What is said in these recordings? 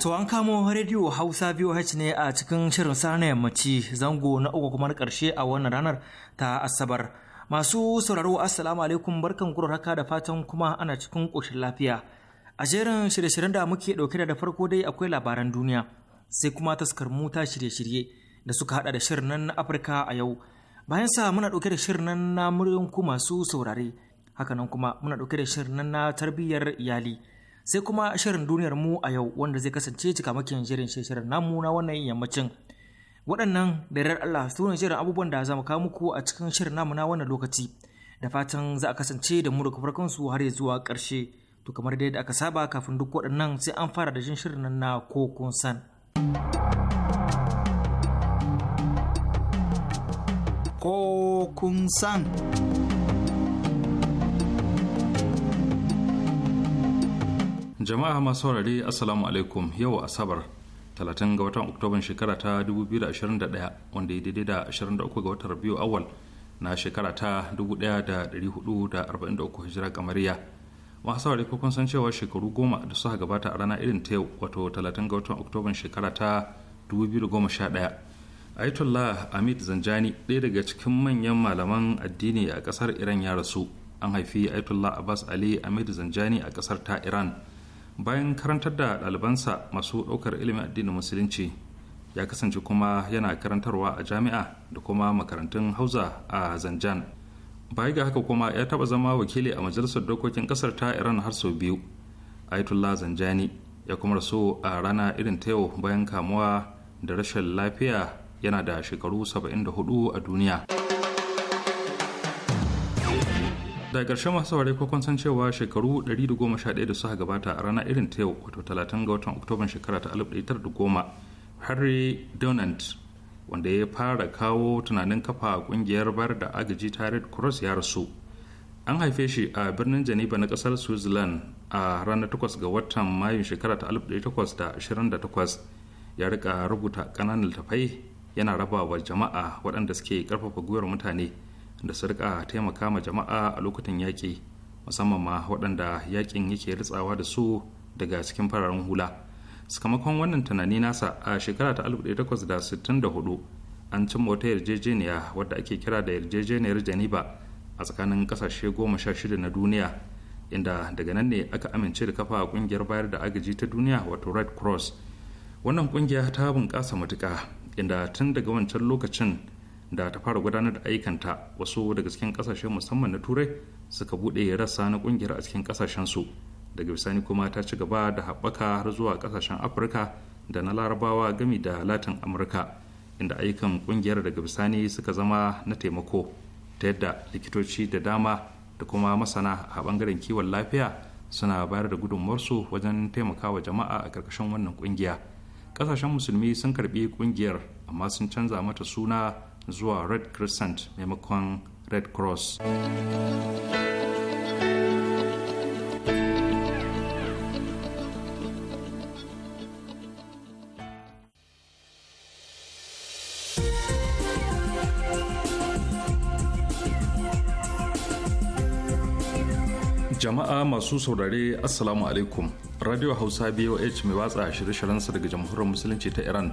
To an kamo rediyo Hausa VOH ne a cikin shirin sana yammaci zango na uku kuma na ƙarshe a wannan ranar ta Asabar. Masu sauraro Assalamu alaikum barkan kurar haka da fatan kuma ana cikin ƙoshin lafiya. A jerin shirye-shiryen da muke ɗauke da farko dai akwai labaran duniya sai kuma taskar ta shirye-shirye da suka hada da shirin nan na Afirka a yau. Bayan sa muna ɗauke da shirin nan na muryan masu saurare. Hakanan kuma muna ɗauke da shirin nan na tarbiyyar iyali. sai kuma shirin duniyar mu a yau wanda zai kasance cikamakin shirin shirin namu na wannan yammacin waɗannan da yarar Allah su ne shirin abubuwan da za mu kawo muku a cikin shirin namu na wannan lokaci da fatan za a kasance da mu daga farkon su har zuwa ƙarshe to kamar dai da aka saba kafin duk waɗannan sai an fara da jin shirin nan na ko kun san ko kun san jama'a masu saurari assalamu alaikum yau asabar 30 ga watan oktoban shekara ta 2021 wanda ya daidai da 23 ga watan biyu awal na shekara ta 1443 hijira kamariya masu saurari kukun san cewa shekaru goma da suka gabata a rana irin ta yau wato 30 ga watan oktoban shekara ta 2011 ayatollah amit zanjani ɗaya daga cikin manyan malaman addini a ƙasar iran ya rasu an haifi ayatollah abbas ali amit zanjani a ƙasar ta iran bayan karantar da ɗalibansa masu ɗaukar ilimin addinin musulunci ya kasance kuma yana karantarwa a jami'a da kuma makarantun hausa a zanjan baya ga haka kuma ya taɓa zama wakili a majalisar dokokin ƙasar ta iran har sau biyu ayatollah zanjani ya kuma rasu a rana irin ta yau bayan kamuwa da rashin lafiya yana da shekaru 74 a duniya. da ƙarshe masu saurare ko kun san cewa shekaru 111 da suka gabata a rana irin ta yau wato 30 ga watan oktoban shekara ta 1910 harry donant wanda ya fara kawo tunanin kafa kungiyar bayar da agaji ta red cross ya rasu an haife shi a birnin geneva na kasar switzerland a ranar 8 ga watan mayu shekara ta 1828 ya rika rubuta kananan littafai yana rabawa jama'a waɗanda suke karfafa gwiwar mutane da su rika taimaka ma jama'a a lokutan yaƙi musamman ma waɗanda yaƙin yake ritsawa da su daga cikin fararen hula sakamakon wannan tunani nasa a shekara ta 1864 an cimma wata yarjejeniya wadda ake kira da yarjejeniyar janiba a tsakanin kasashe goma sha shida na duniya inda daga nan ne aka amince da kafa kungiyar bayar da agaji ta duniya wato red cross wannan kungiya ta bunƙasa matuka inda tun daga wancan lokacin da ta fara gudanar da aikanta wasu daga cikin kasashen musamman na turai suka bude rassa na kungiyar a cikin su daga bisani kuma ta ci gaba da haɓaka har zuwa kasashen afirka da na larabawa gami da latin amurka inda ayyukan kungiyar daga bisani suka zama na taimako ta yadda likitoci da dama da kuma masana a bangaren kiwon lafiya suna bayar da gudunmuwarsu wajen taimakawa jama'a a ƙarƙashin wannan ƙungiya ƙasashen musulmi sun karɓi kungiyar amma sun canza mata suna zuwa red crescent maimakon red cross jama'a masu saurare assalamu alaikum radio hausa boh mai watsa shirye-shiryensa daga jamhuriyar musulunci ta iran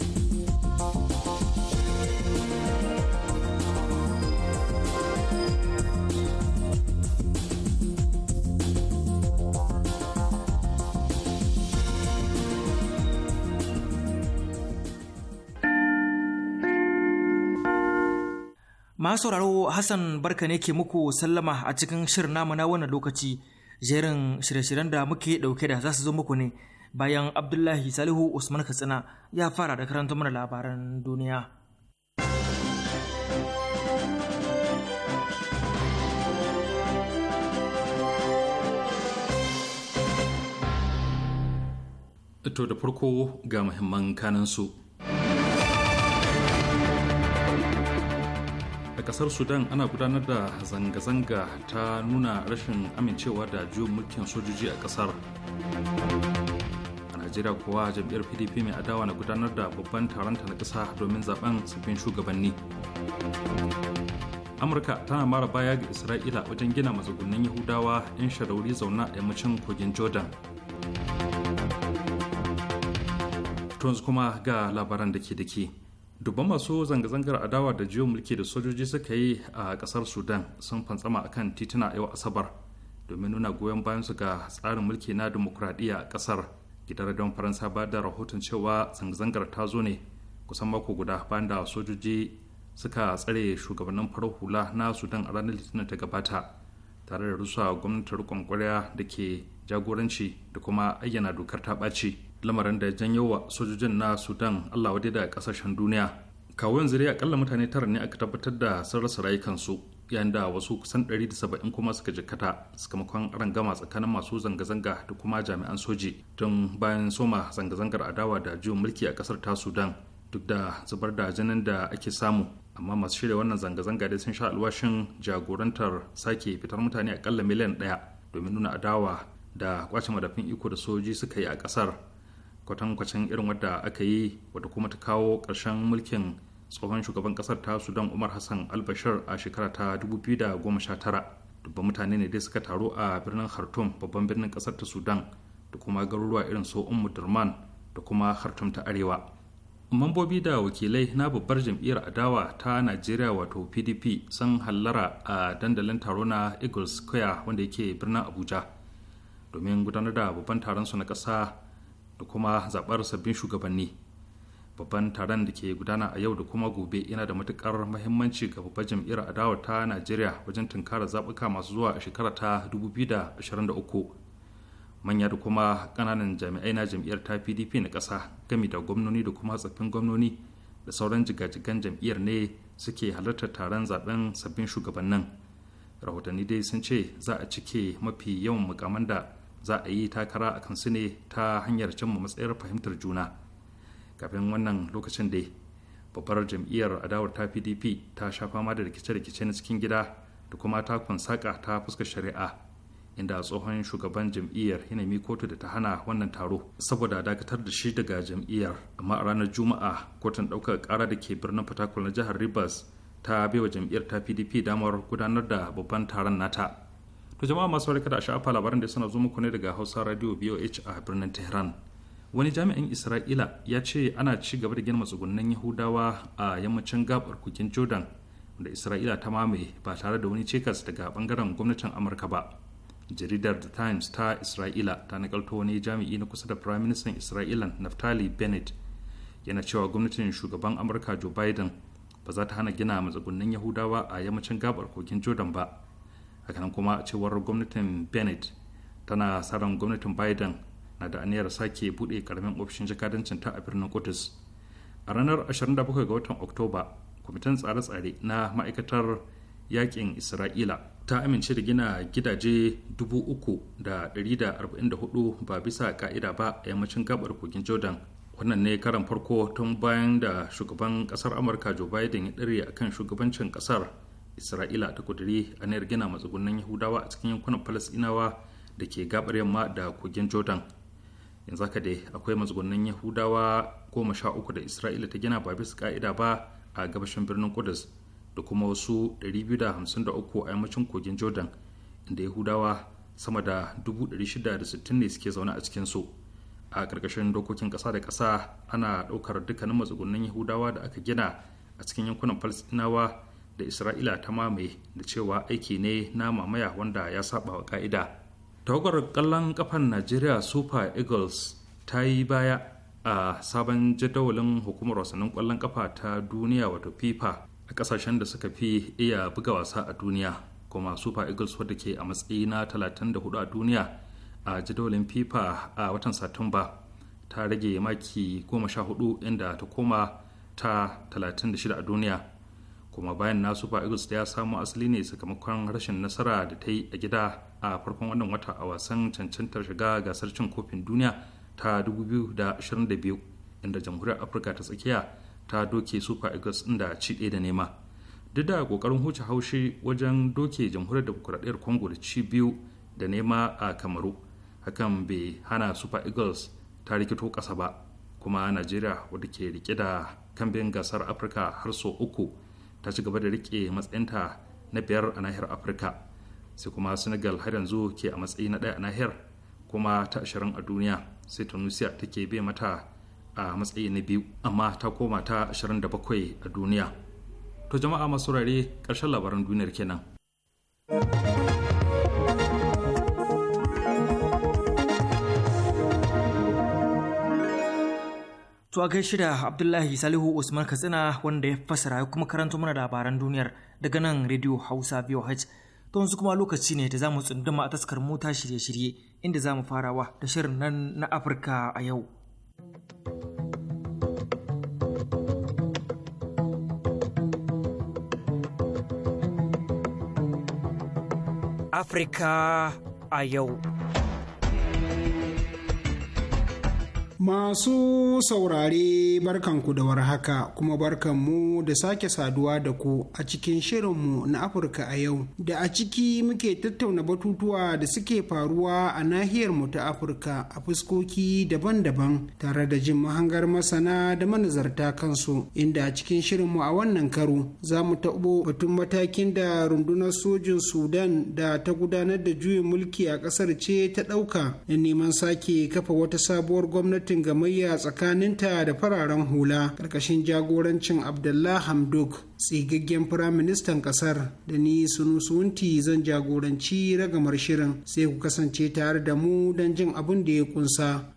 Masu sauraro Hassan barka ne ke muku sallama a cikin shirin namu na wannan lokaci jerin shirye-shiryen da muke dauke da za su zo muku ne bayan Abdullahi Salihu Usman Katsina ya fara da karanta mana labaran duniya. To da farko ga muhimman kanansu. kasar sudan ana gudanar da zanga-zanga ta nuna rashin amincewa da juyin mulkin sojoji a kasar a najeriya kuwa jam'iyyar pdp mai adawa na gudanar da babban taron ta na kasa domin zaben sabbin shugabanni amurka tana mara baya ga isra'ila wajen gina matsugunnin yahudawa 'yan sharauri zauna a yammacin kogin jordan tons kuma ga labaran da ke da ke dubban masu zanga-zangar adawa da jiyo mulki da sojoji suka yi a kasar sudan sun fantsama akan tituna yau asabar domin nuna goyon bayan su ga tsarin mulki na demokuraɗiyya a kasar gidan radon faransa ba da rahoton cewa zanga-zangar ta zo ne kusan mako guda bayan da sojoji suka tsare shugabannin farar hula na sudan a ranar litinin ta gabata tare da rusa gwamnatin riƙon da ke jagoranci da kuma ayyana dokar ta ɓaci lamarin da ya janyo wa sojojin na sudan allah wadai da kasashen duniya kawo yanzu dai akalla mutane tara ne aka tabbatar da sun rasa rayukansu yayin da wasu kusan 170 kuma suka jikkata sakamakon rangama tsakanin masu zanga-zanga da kuma jami'an soji tun bayan soma zanga-zangar adawa da juyin mulki a kasar ta sudan duk da zubar da jinin da ake samu amma masu shirya wannan zanga-zanga dai sun sha alwashin jagorantar sake fitar mutane akalla miliyan daya domin nuna adawa da kwace madafin iko da soji suka yi a kasar kwatankwacin irin wadda aka yi wadda kuma ta kawo ƙarshen mulkin tsohon shugaban ƙasar ta sudan umar hassan albashir a shekara ta 2019 dubban mutane ne dai suka taru a birnin khartoum babban birnin ƙasar ta sudan da kuma garuruwa irin su ummu durman da kuma khartoum ta arewa mambobi da wakilai na babbar jam'iyyar adawa ta najeriya wato pdp sun hallara a dandalin taro na eagles square wanda yake birnin abuja domin gudanar da babban taron su na ƙasa da kuma zaɓar sabbin shugabanni babban taron da ke gudana a yau da kuma gobe yana da matukar mahimmanci ga babbar jam'iyyar adawa ta najeriya wajen tunkara zaɓuka masu zuwa a shekara ta 2023 manya da kuma ƙananan jami'ai na jam'iyyar ta pdp na ƙasa gami da gwamnoni da kuma tsaffin gwamnoni da sauran jigajigan jam'iyyar ne suke halartar taron zaɓen sabbin shugabannin rahotanni dai sun ce za a cike mafi yawan mukaman da za a yi takara a kansu ne ta hanyar cimma matsayar fahimtar juna kafin wannan lokacin dai babbar jam'iyyar adawar ta pdp ta sha fama da rikice-rikice na cikin gida da kuma takon saka ta fuskar shari'a inda tsohon shugaban jam'iyyar yanami kotu da ta hana wannan taro saboda dakatar da shi daga jam'iyyar amma a ranar juma'a kotun ɗaukar ƙara da ke birnin fatakwal na jihar rivers ta baiwa jam'iyyar ta pdp damar gudanar da babban taron nata to jama'a masu warka da sha'afa labaran da suna zo muku ne daga hausa radio boh a birnin tehran wani jami'in isra'ila ya ce ana ci gaba da gina matsugunan yahudawa a yammacin gabar kogin jordan da isra'ila ta mamaye ba tare da wani cekas daga bangaren gwamnatin amurka ba jaridar the times ta isra'ila ta nakalto wani jami'i na kusa da prime minister isra'ila naftali bennett yana cewa gwamnatin shugaban amurka joe biden ba za ta hana gina matsugunan yahudawa a yammacin gabar kogin jordan ba nan kuma cewar gwamnatin bennett tana tsarin gwamnatin biden na da aniyar sake bude karamin ofishin jakadancin ta a birnin kudus a ranar 27 ga watan oktoba kwamitin tsare-tsare na ma'aikatar yakin isra'ila ta amince da gina gidaje 3,144 ba bisa ka'ida ba a yammacin gabar kogin jordan wannan ne karan farko tun bayan da shugaban kasar amurka joe biden ya ɗare akan shugabancin kasar isra'ila ta a aniyar gina matsugunan yahudawa a cikin yankunan falasɗinawa da ke gabar yamma da kogin jordan yanzu haka dai akwai matsugunan yahudawa goma sha uku da isra'ila ta gina ba bisa ka'ida ba a gabashin birnin kudus da kuma wasu 253 a yammacin kogin jordan inda yahudawa sama da 660 ne suke zaune a cikin su a ƙarƙashin dokokin ƙasa da ƙasa ana ɗaukar dukkanin matsugunan yahudawa da aka gina a cikin yankunan falastinawa da isra'ila ta mamaye da cewa aiki ne na mamaya wanda ya saba wa ka'ida tawagar kallon kafan najeriya super eagles ta yi baya a sabon jadawalin hukumar wasannin kwallon kafa ta duniya wato fifa a kasashen da suka fi iya buga wasa a duniya kuma super eagles wadda ke a matsayi na 34 a duniya a jadawalin fifa a watan satumba ta rage maki 14 inda ta koma ta 36 a duniya kuma bayan na super eagles ya samu asali ne sakamakon rashin nasara da ta yi a gida a farkon wannan wata a wasan cancantar shiga gasar cin kofin duniya ta 2022 inda jamhuriyar afirka ta tsakiya ta doke super eagles inda ci ɗaya da nema duk da kokarin huce haushi wajen doke jamhuriyar demokuraɗiyar congo da ci biyu da nema a kamaru hakan bai hana super eagles ta rikito ƙasa ba kuma najeriya wadda ke rike da kambin gasar afirka har sau uku ta ci gaba da rike matsayinta na biyar a nahiyar afirka sai kuma senegal har yanzu ke a matsayi na ɗaya a nahiyar kuma ta ashirin a duniya sai tunisia take bai mata a matsayi na biyu amma ta koma ta ashirin da bakwai a duniya to jama'a masu rare ƙarshen labaran duniyar kenan. To a gaishe Abdullahi Salihu Usman Katsina wanda ya fassara ya kuma karanto mana labaran duniyar daga nan Radio Hausa VOH. To yanzu kuma lokaci ne da za mu tsunduma a taskar mota shirye-shirye inda za mu farawa da shirin nan na Afirka a yau. Afirka a yau. Masu saurare barkanku da warhaka kuma barkanmu da sake saduwa da ku a cikin shirinmu na Afirka a yau da a ciki muke tattauna batutuwa da suke faruwa a nahiyar mu ta Afirka a fuskoki daban-daban tare da jin mahangar masana da manazarta kansu inda a cikin shirinmu a wannan karo za mu taɓo batun matakin da rundunar sojin Sudan da ta gudanar da juyin mulki a ƙasar ce ta ɗauka da neman sake kafa wata sabuwar gwamnati gwamnatin gamayya tsakaninta da fararen hula karkashin jagorancin abdullah hamdok tsigaggen firaministan kasar da ni sunusunti zan jagoranci ragamar shirin sai ku kasance tare da mu don jin abin da ya kunsa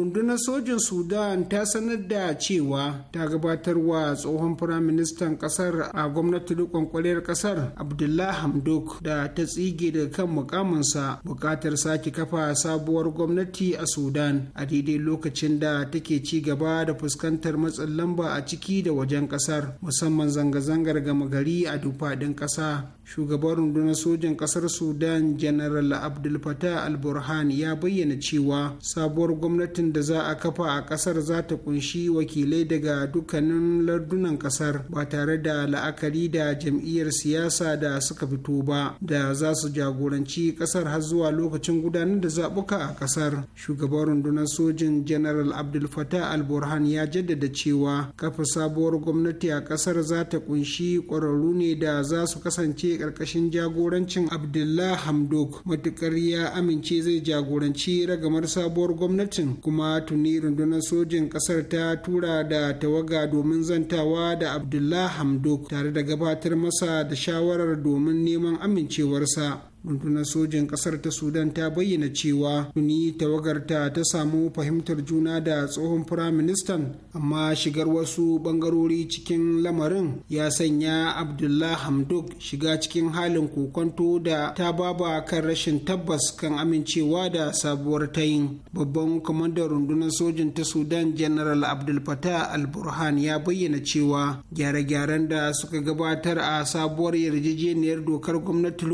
rundunar sojin sudan ta sanar da cewa ta gabatar wa tsohon firaministan kasar a gwamnatin rikon kwaliyar kasar abdullah hamdok da ta tsige daga kan mukaminsa bukatar sake kafa sabuwar gwamnati a sudan a daidai lokacin da take ci gaba da fuskantar matsin lamba a ciki da wajen kasar musamman zanga-zangar gama gari a duk faɗin ƙasa shugaban rundunar sojan kasar sudan general abdul fatah al-burhan ya bayyana cewa sabuwar gwamnatin da za a kafa a kasar za ta kunshi wakilai daga dukkanin lardunan kasar ba tare da la'akari da jam'iyyar siyasa da suka fito ba da za su jagoranci kasar har zuwa lokacin gudanar da zaɓuka a kasar shugaban rundunar sojin general abdul fatah al burhan ya jaddada cewa kafa sabuwar gwamnati a kasar za ta kunshi kwararru ne da za su kasance ƙarƙashin jagorancin abdullah hamdok matukar ya amince zai jagoranci ragamar sabuwar gwamnatin kuma tuni rundunar sojin kasar ta tura da tawaga domin zantawa da abdullah hamdok tare da gabatar masa da shawarar domin neman amincewarsa rundunar sojin kasar ta sudan ta bayyana cewa tuni tawagarta ta samu fahimtar juna da tsohon firaministan amma shigar wasu bangarori cikin lamarin ya sanya abdullah hamdok shiga cikin halin kokonto da ta baba kan rashin tabbas kan amincewa da sabuwar tayin babban kamandar rundunar sojin ta sudan general abdul fatah al-burhan ya bayyana cewa gyare-gyaren da suka gabatar a sabuwar yarjejeniyar dokar gwamnati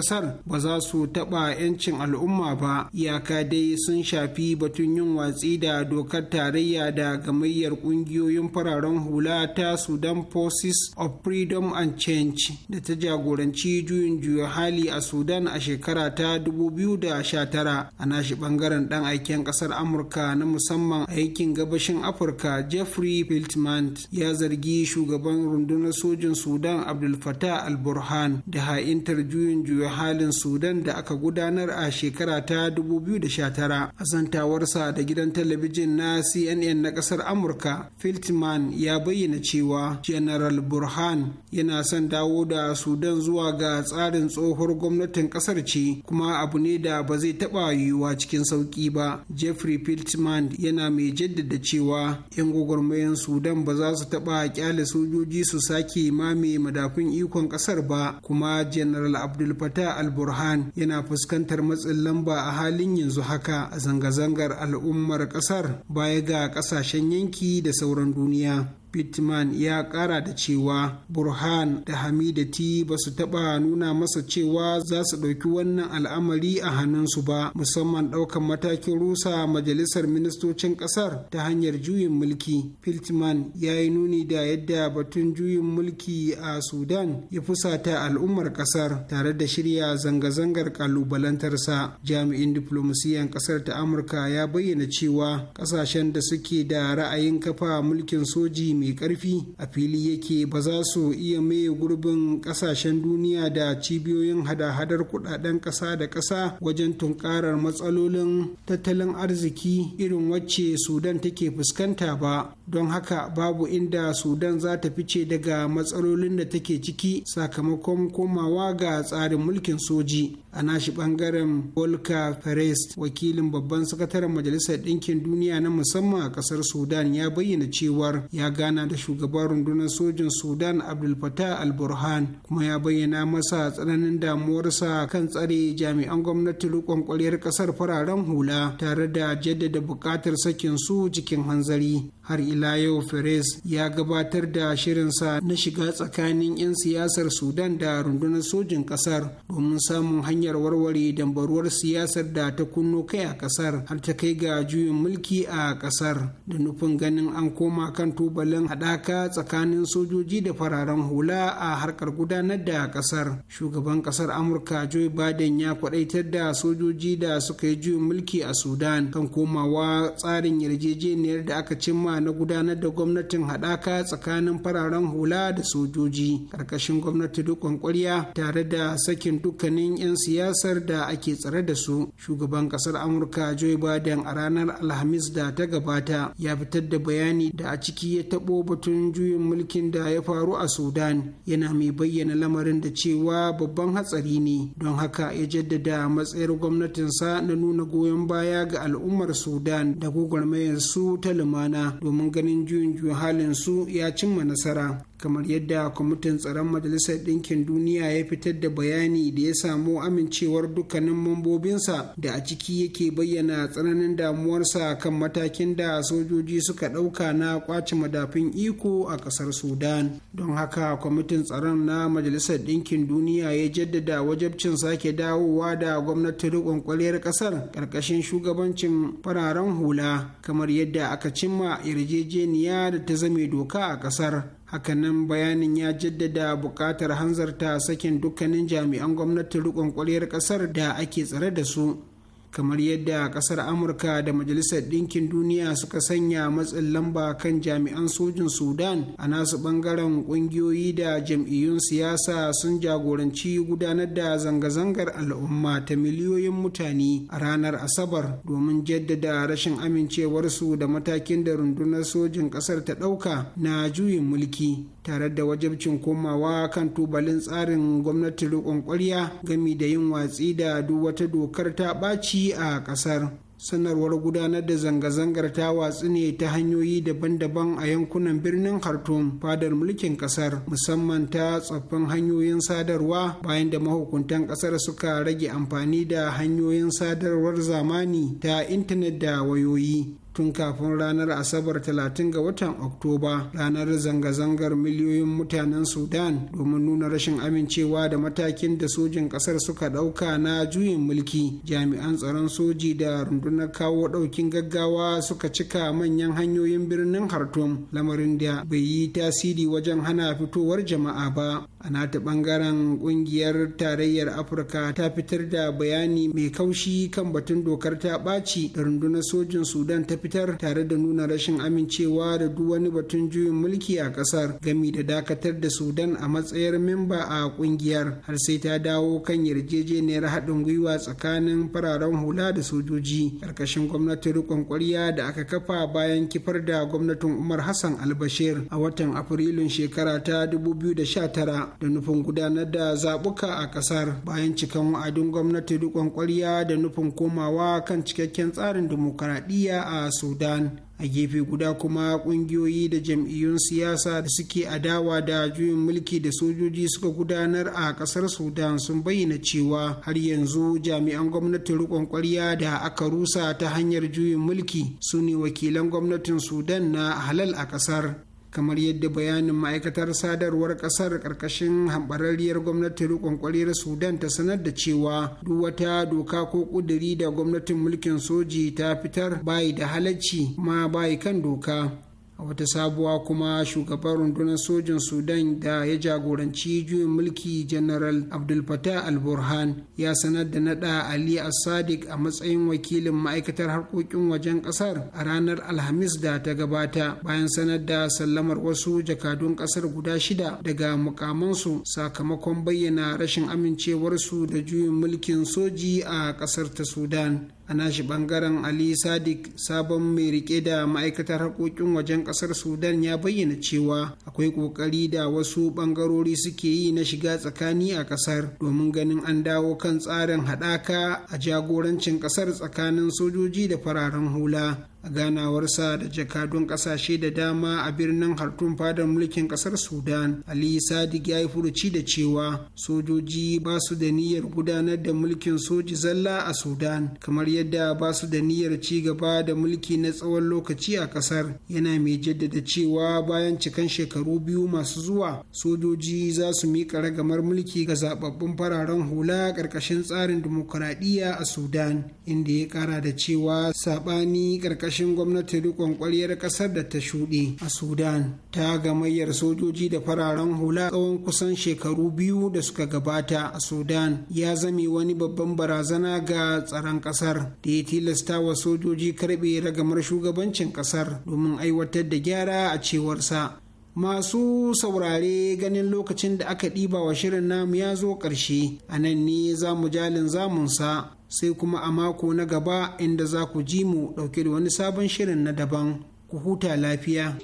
kasar ba za su taɓa 'yancin al'umma ba iyaka dai sun shafi batun yin watsi da dokar tarayya da gamayyar ƙungiyoyin fararen hula ta sudan forces of freedom and change da ta jagoranci juyin juya hali a sudan a shekara ta 2019 a nashi bangaren ɗan aikin ƙasar amurka na musamman a gabashin afirka jeffrey Piltman ya zargi shugaban rundunar sojin sudan abdul fatah al-burhan da ha'intar juyin juya halin sudan da aka gudanar a shekara ta 2019 a zantawarsa da gidan talabijin na cnn na kasar amurka filtman ya bayyana cewa general burhan yana son dawo da sudan zuwa ga tsarin tsohuwar gwamnatin kasar ce kuma abu ne da ba zai taɓa yiwuwa cikin sauƙi ba jeffrey filtman yana mai jaddada cewa 'yan gwagwarmayan sudan ba za su taɓa kyale sojoji su sake mame madafun ikon kasar ba kuma general abdul fattah ta alburhan yana fuskantar matsin lamba a halin yanzu haka a zanga-zangar al'ummar kasar baya ga kasashen yanki da sauran duniya. pittman ya kara da cewa burhan da hamidati ba su taba nuna masa cewa za su ɗauki wannan al'amari a hannunsu ba musamman ɗaukan matakin rusa majalisar ministocin ƙasar ta hanyar juyin mulki pittman ya yi nuni da yadda batun juyin mulki a sudan ya fusata al'ummar ƙasar tare da shirya zanga-zangar kalubalantarsa jami'in diplomasiyan ƙasar ta amurka ya bayyana cewa ƙasashen da suke da ra'ayin kafa mulkin soji mai ƙarfi a fili yake ba za su iya maye gurbin ƙasashen duniya da cibiyoyin hada-hadar kudaden ƙasa da ƙasa wajen tunkarar matsalolin tattalin arziki irin wacce sudan take fuskanta ba don haka babu inda sudan za ta fice daga matsalolin da take ciki sakamakon komawa ga tsarin mulkin soji a nashi bangaren volka perez wakilin babban sakataren majalisar ɗinkin duniya na musamman a ƙasar sudan ya bayyana cewar ya gane gana da shugaban rundunar sojin sudan abdul fatah al-burhan kuma ya bayyana masa tsananin damuwarsa kan tsare jami'an gwamnati rikon kwaliyar kasar fararen hula tare da jaddada buƙatar sakin su cikin hanzari har ila yau Perez ya gabatar da shirinsa na shiga tsakanin 'yan siyasar Sudan da rundunar sojin kasar domin samun hanyar warware dambaruwar siyasar da ta kunno kai a kasar har ta kai ga juyin mulki a kasar da nufin ganin an koma kan tubalin haɗaka tsakanin sojoji da fararen hula a harkar gudanar da kasar shugaban kasar Amurka Joe Biden ya kwadaitar da sojoji da suka yi juyin mulki a Sudan kan komawa tsarin yarjejeniyar da aka cimma na gudanar da gwamnatin haɗaka tsakanin fararen hula da sojoji ƙarƙashin gwamnati dukkan ƙwarya tare da sakin dukkanin 'yan siyasar da ake tsare da su shugaban ƙasar amurka joe biden a ranar alhamis da ta gabata ya fitar da bayani da a ciki ya taɓo batun juyin mulkin da ya faru a sudan yana mai bayyana lamarin da cewa babban hatsari ne don haka ya jaddada matsayar gwamnatinsa na nuna goyon baya ga al'ummar sudan da gwagwarmayar su ta lumana domin ganin juyin juyin halin su ya cimma nasara kamar yadda kwamitin tsaron majalisar ɗinkin duniya ya fitar da bayani da ya samu amincewar dukkanin mambobinsa da a ciki yake bayyana tsananin damuwarsa kan matakin da sojoji suka ɗauka na kwaci madafin iko a ƙasar sudan don haka kwamitin tsaron na majalisar ɗinkin duniya ya jaddada wajabcin sake dawowa da gwamnatin riƙon ƙwaryar ƙasar ƙarƙashin shugabancin fararen hula kamar yadda aka cimma yarjejeniya da ta zame doka a ƙasar hakanan bayanin ya jaddada buƙatar hanzarta sakin dukkanin jami'an gwamnati rukun ƙwaryar ƙasar da ake tsare da su kamar yadda kasar amurka da majalisar ɗinkin duniya suka sanya matsin lamba kan jami'an sojin sudan a nasu ɓangaren ƙungiyoyi da jam'iyyun siyasa sun jagoranci gudanar da zanga-zangar al'umma ta miliyoyin mutane a ranar asabar domin jaddada rashin amincewarsu da matakin da rundunar sojin ƙasar ta ɗauka na juyin mulki tare da wajabcin komawa kan tubalin tsarin gwamnati riƙon ƙwarya gami da yin watsi da duk wata dokar ta ɓaci rikici a ƙasar sanarwar gudanar da zanga-zangar ta watsu ne ta hanyoyi daban-daban a yankunan birnin khartoum fadar mulkin kasar musamman ta tsoffin hanyoyin sadarwa bayan da mahukuntan kasar suka rage amfani da hanyoyin sadarwar zamani ta intanet da wayoyi tun kafin ranar asabar 30 ga watan oktoba ranar zanga-zangar miliyoyin mutanen sudan domin nuna rashin amincewa da matakin da sojin kasar suka ɗauka na juyin mulki jami'an tsaron soji da rundunar kawo ɗaukin gaggawa suka cika manyan hanyoyin birnin hartum lamarin da bai yi tasiri wajen hana fitowar jama'a ba a nata bangaren kungiyar tarayyar afirka ta fitar da bayani mai kaushi kan batun dokar ta ɓaci da rundunar sojin sudan ta fitar tare da nuna rashin amincewa da duk wani batun juyin mulki a kasar gami da dakatar da sudan a matsayar memba a kungiyar har sai ta dawo kan yarjejeniyar haɗin gwiwa tsakanin fararen hula da sojoji ƙarƙashin gwamnatin riƙon ƙwarya da aka kafa bayan kifar da gwamnatin umar hassan albashir a watan afrilun shekara ta dubu biyu da sha tara. Da nufin gudanar da zaɓuka a ƙasar bayan cikan wa'adin gwamnatin riƙon ƙwarya da nufin komawa kan cikakken tsarin dimokuraɗiyya a a sudan a gefe guda kuma ƙungiyoyi da jam'iyyun siyasa da suke adawa da juyin mulki da sojoji suka gudanar a ƙasar sudan sun bayyana cewa har yanzu jami'an gwamnatin rikon ƙwarya da aka rusa ta hanyar juyin mulki su ne wakilan gwamnatin sudan na halal a ƙasar. kamar yadda bayanin ma'aikatar sadarwar kasar karkashin hambararriyar gwamnatin rikon kwaliyar sudan ta sanar da cewa duk wata doka ko kuduri da gwamnatin mulkin soji ta fitar bayi da halacci ma bayi kan doka a wata sabuwa kuma shugaban rundunar sojin sudan da ya jagoranci juyin mulki general abdul fatah al-burhan ya sanar da nada ali as-sadiq a matsayin wakilin ma'aikatar harkokin wajen kasar a ranar alhamis da ta gabata bayan sanar da sallamar wasu jakadun kasar guda shida daga mukamansu sakamakon bayyana rashin amincewarsu da juyin mulkin soji a kasar ta sudan a nashi bangaren ali sadiq sabon mai rike da ma'aikatar harkokin wajen ƙasar sudan ya bayyana cewa akwai ƙoƙari da wasu ɓangarori suke yi na shiga tsakani a ƙasar, domin ganin an dawo kan tsarin haɗaka a jagorancin ƙasar tsakanin sojoji da fararen hula a ganawarsa da jakadun kasashe da dama a birnin hartun fadar mulkin kasar sudan ali sadiq ya yi furuci da cewa sojoji ba su da niyyar gudanar da mulkin soji zalla a sudan kamar yadda ba su da niyyar ci gaba da mulki na tsawon lokaci a kasar yana mai jaddada cewa bayan cikan shekaru biyu masu zuwa sojoji za su miƙa ragamar mulki ga zababbun fararen hula ƙarƙashin tsarin dimokuraɗiyya a sudan inda ya ƙara da cewa saɓani ƙarƙashin karkashin gwamnati riƙon kwaryar ƙasar da ta shuɗe a sudan ta gamayyar sojoji da fararen hula tsawon kusan shekaru biyu da suka gabata a sudan ya zame wani babban barazana ga tsaron ƙasar da ya tilasta wa sojoji karɓe ragamar shugabancin ƙasar domin aiwatar da gyara a cewarsa masu saurare ganin lokacin da aka ɗiba wa shirin namu ya zo ƙarshe a nan ne za mu jalin zamunsa sai kuma a mako na gaba inda za ku ji mu ɗauke da wani sabon shirin na daban ku huta lafiya.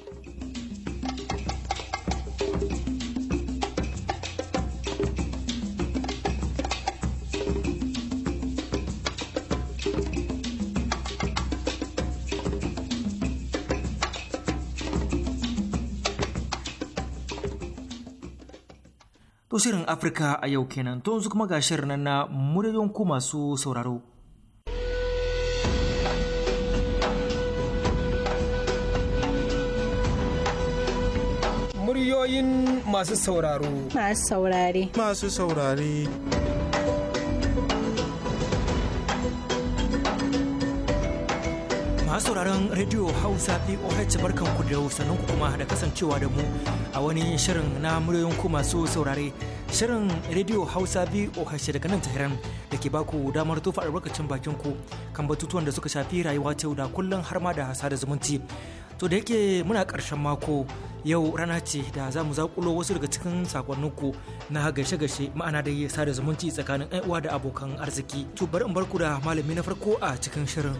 To shirin Afirka a yau kenan to yanzu kuma ga shirin nan na muryoyin ku masu sauraro. Muryoyin masu sauraro. Masu saurare. Masu saurare. masu sauraron radio hausa poh barkan ku da sannan kuma da kasancewa da mu a wani shirin na muryoyin ku masu saurare shirin radio hausa poh daga nan tahiran da ke baku damar tofa albarkacin bakin ku kan batutuwan da suka shafi rayuwa ta da kullum har ma da sada zumunci to da yake muna karshen mako yau rana ce da za mu zakulo wasu daga cikin sakonnin ku na gashe-gashe ma'ana da sada zumunci tsakanin uwa da abokan arziki to bari in barku da malami na farko a cikin shirin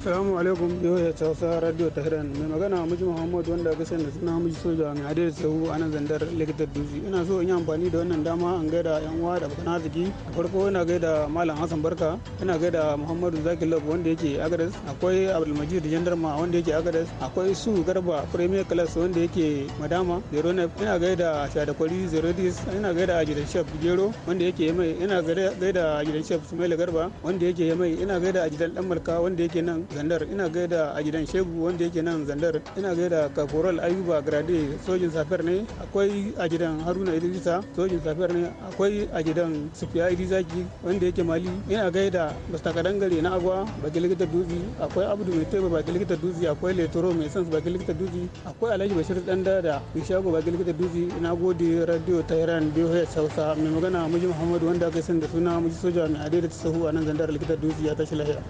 Salamu alaikum yau ta wasa radio Tehran mai magana muji Muhammad wanda ga sanda suna muji soja mai adai da sahu a nan zandar likitar dutse ina so in yi amfani da wannan dama an gaida yan uwa da abokan arziki a farko ina gaida Malam Hassan Barka ina gaida Muhammadu Zaki Lab wanda yake Agadez akwai Abdulmajid Jandarma wanda yake Agadez akwai Su Garba Premier Class wanda yake Madama Zero Nef ina gaida Shadakwari Zero Dis ina gaida Ajidan Shef Gero wanda yake Yamai ina gaida Ajidan Shef Sumaila Garba wanda yake Yamai ina gaida Ajidan Dan Malka wanda yake nan zandar ina gaida a gidan shegu wanda yake nan zandar ina gaida kakoral ayuba grade sojin safiyar ne akwai a gidan haruna idrisa sojin safiyar ne akwai a gidan sufiya idrisaki wanda yake mali ina gaida mr kadangare na agwa baki likita dutse akwai abdu mai teba baki likita dutse akwai letoro mai sans baki likita dutse akwai alhaji bashir dan dada shago baki likita dutse ina gode radio tehran biyu sausa mai magana muji muhammadu wanda aka sani da suna muji soja mai adaidata da sahu a nan zandar likita dutse ya tashi lahira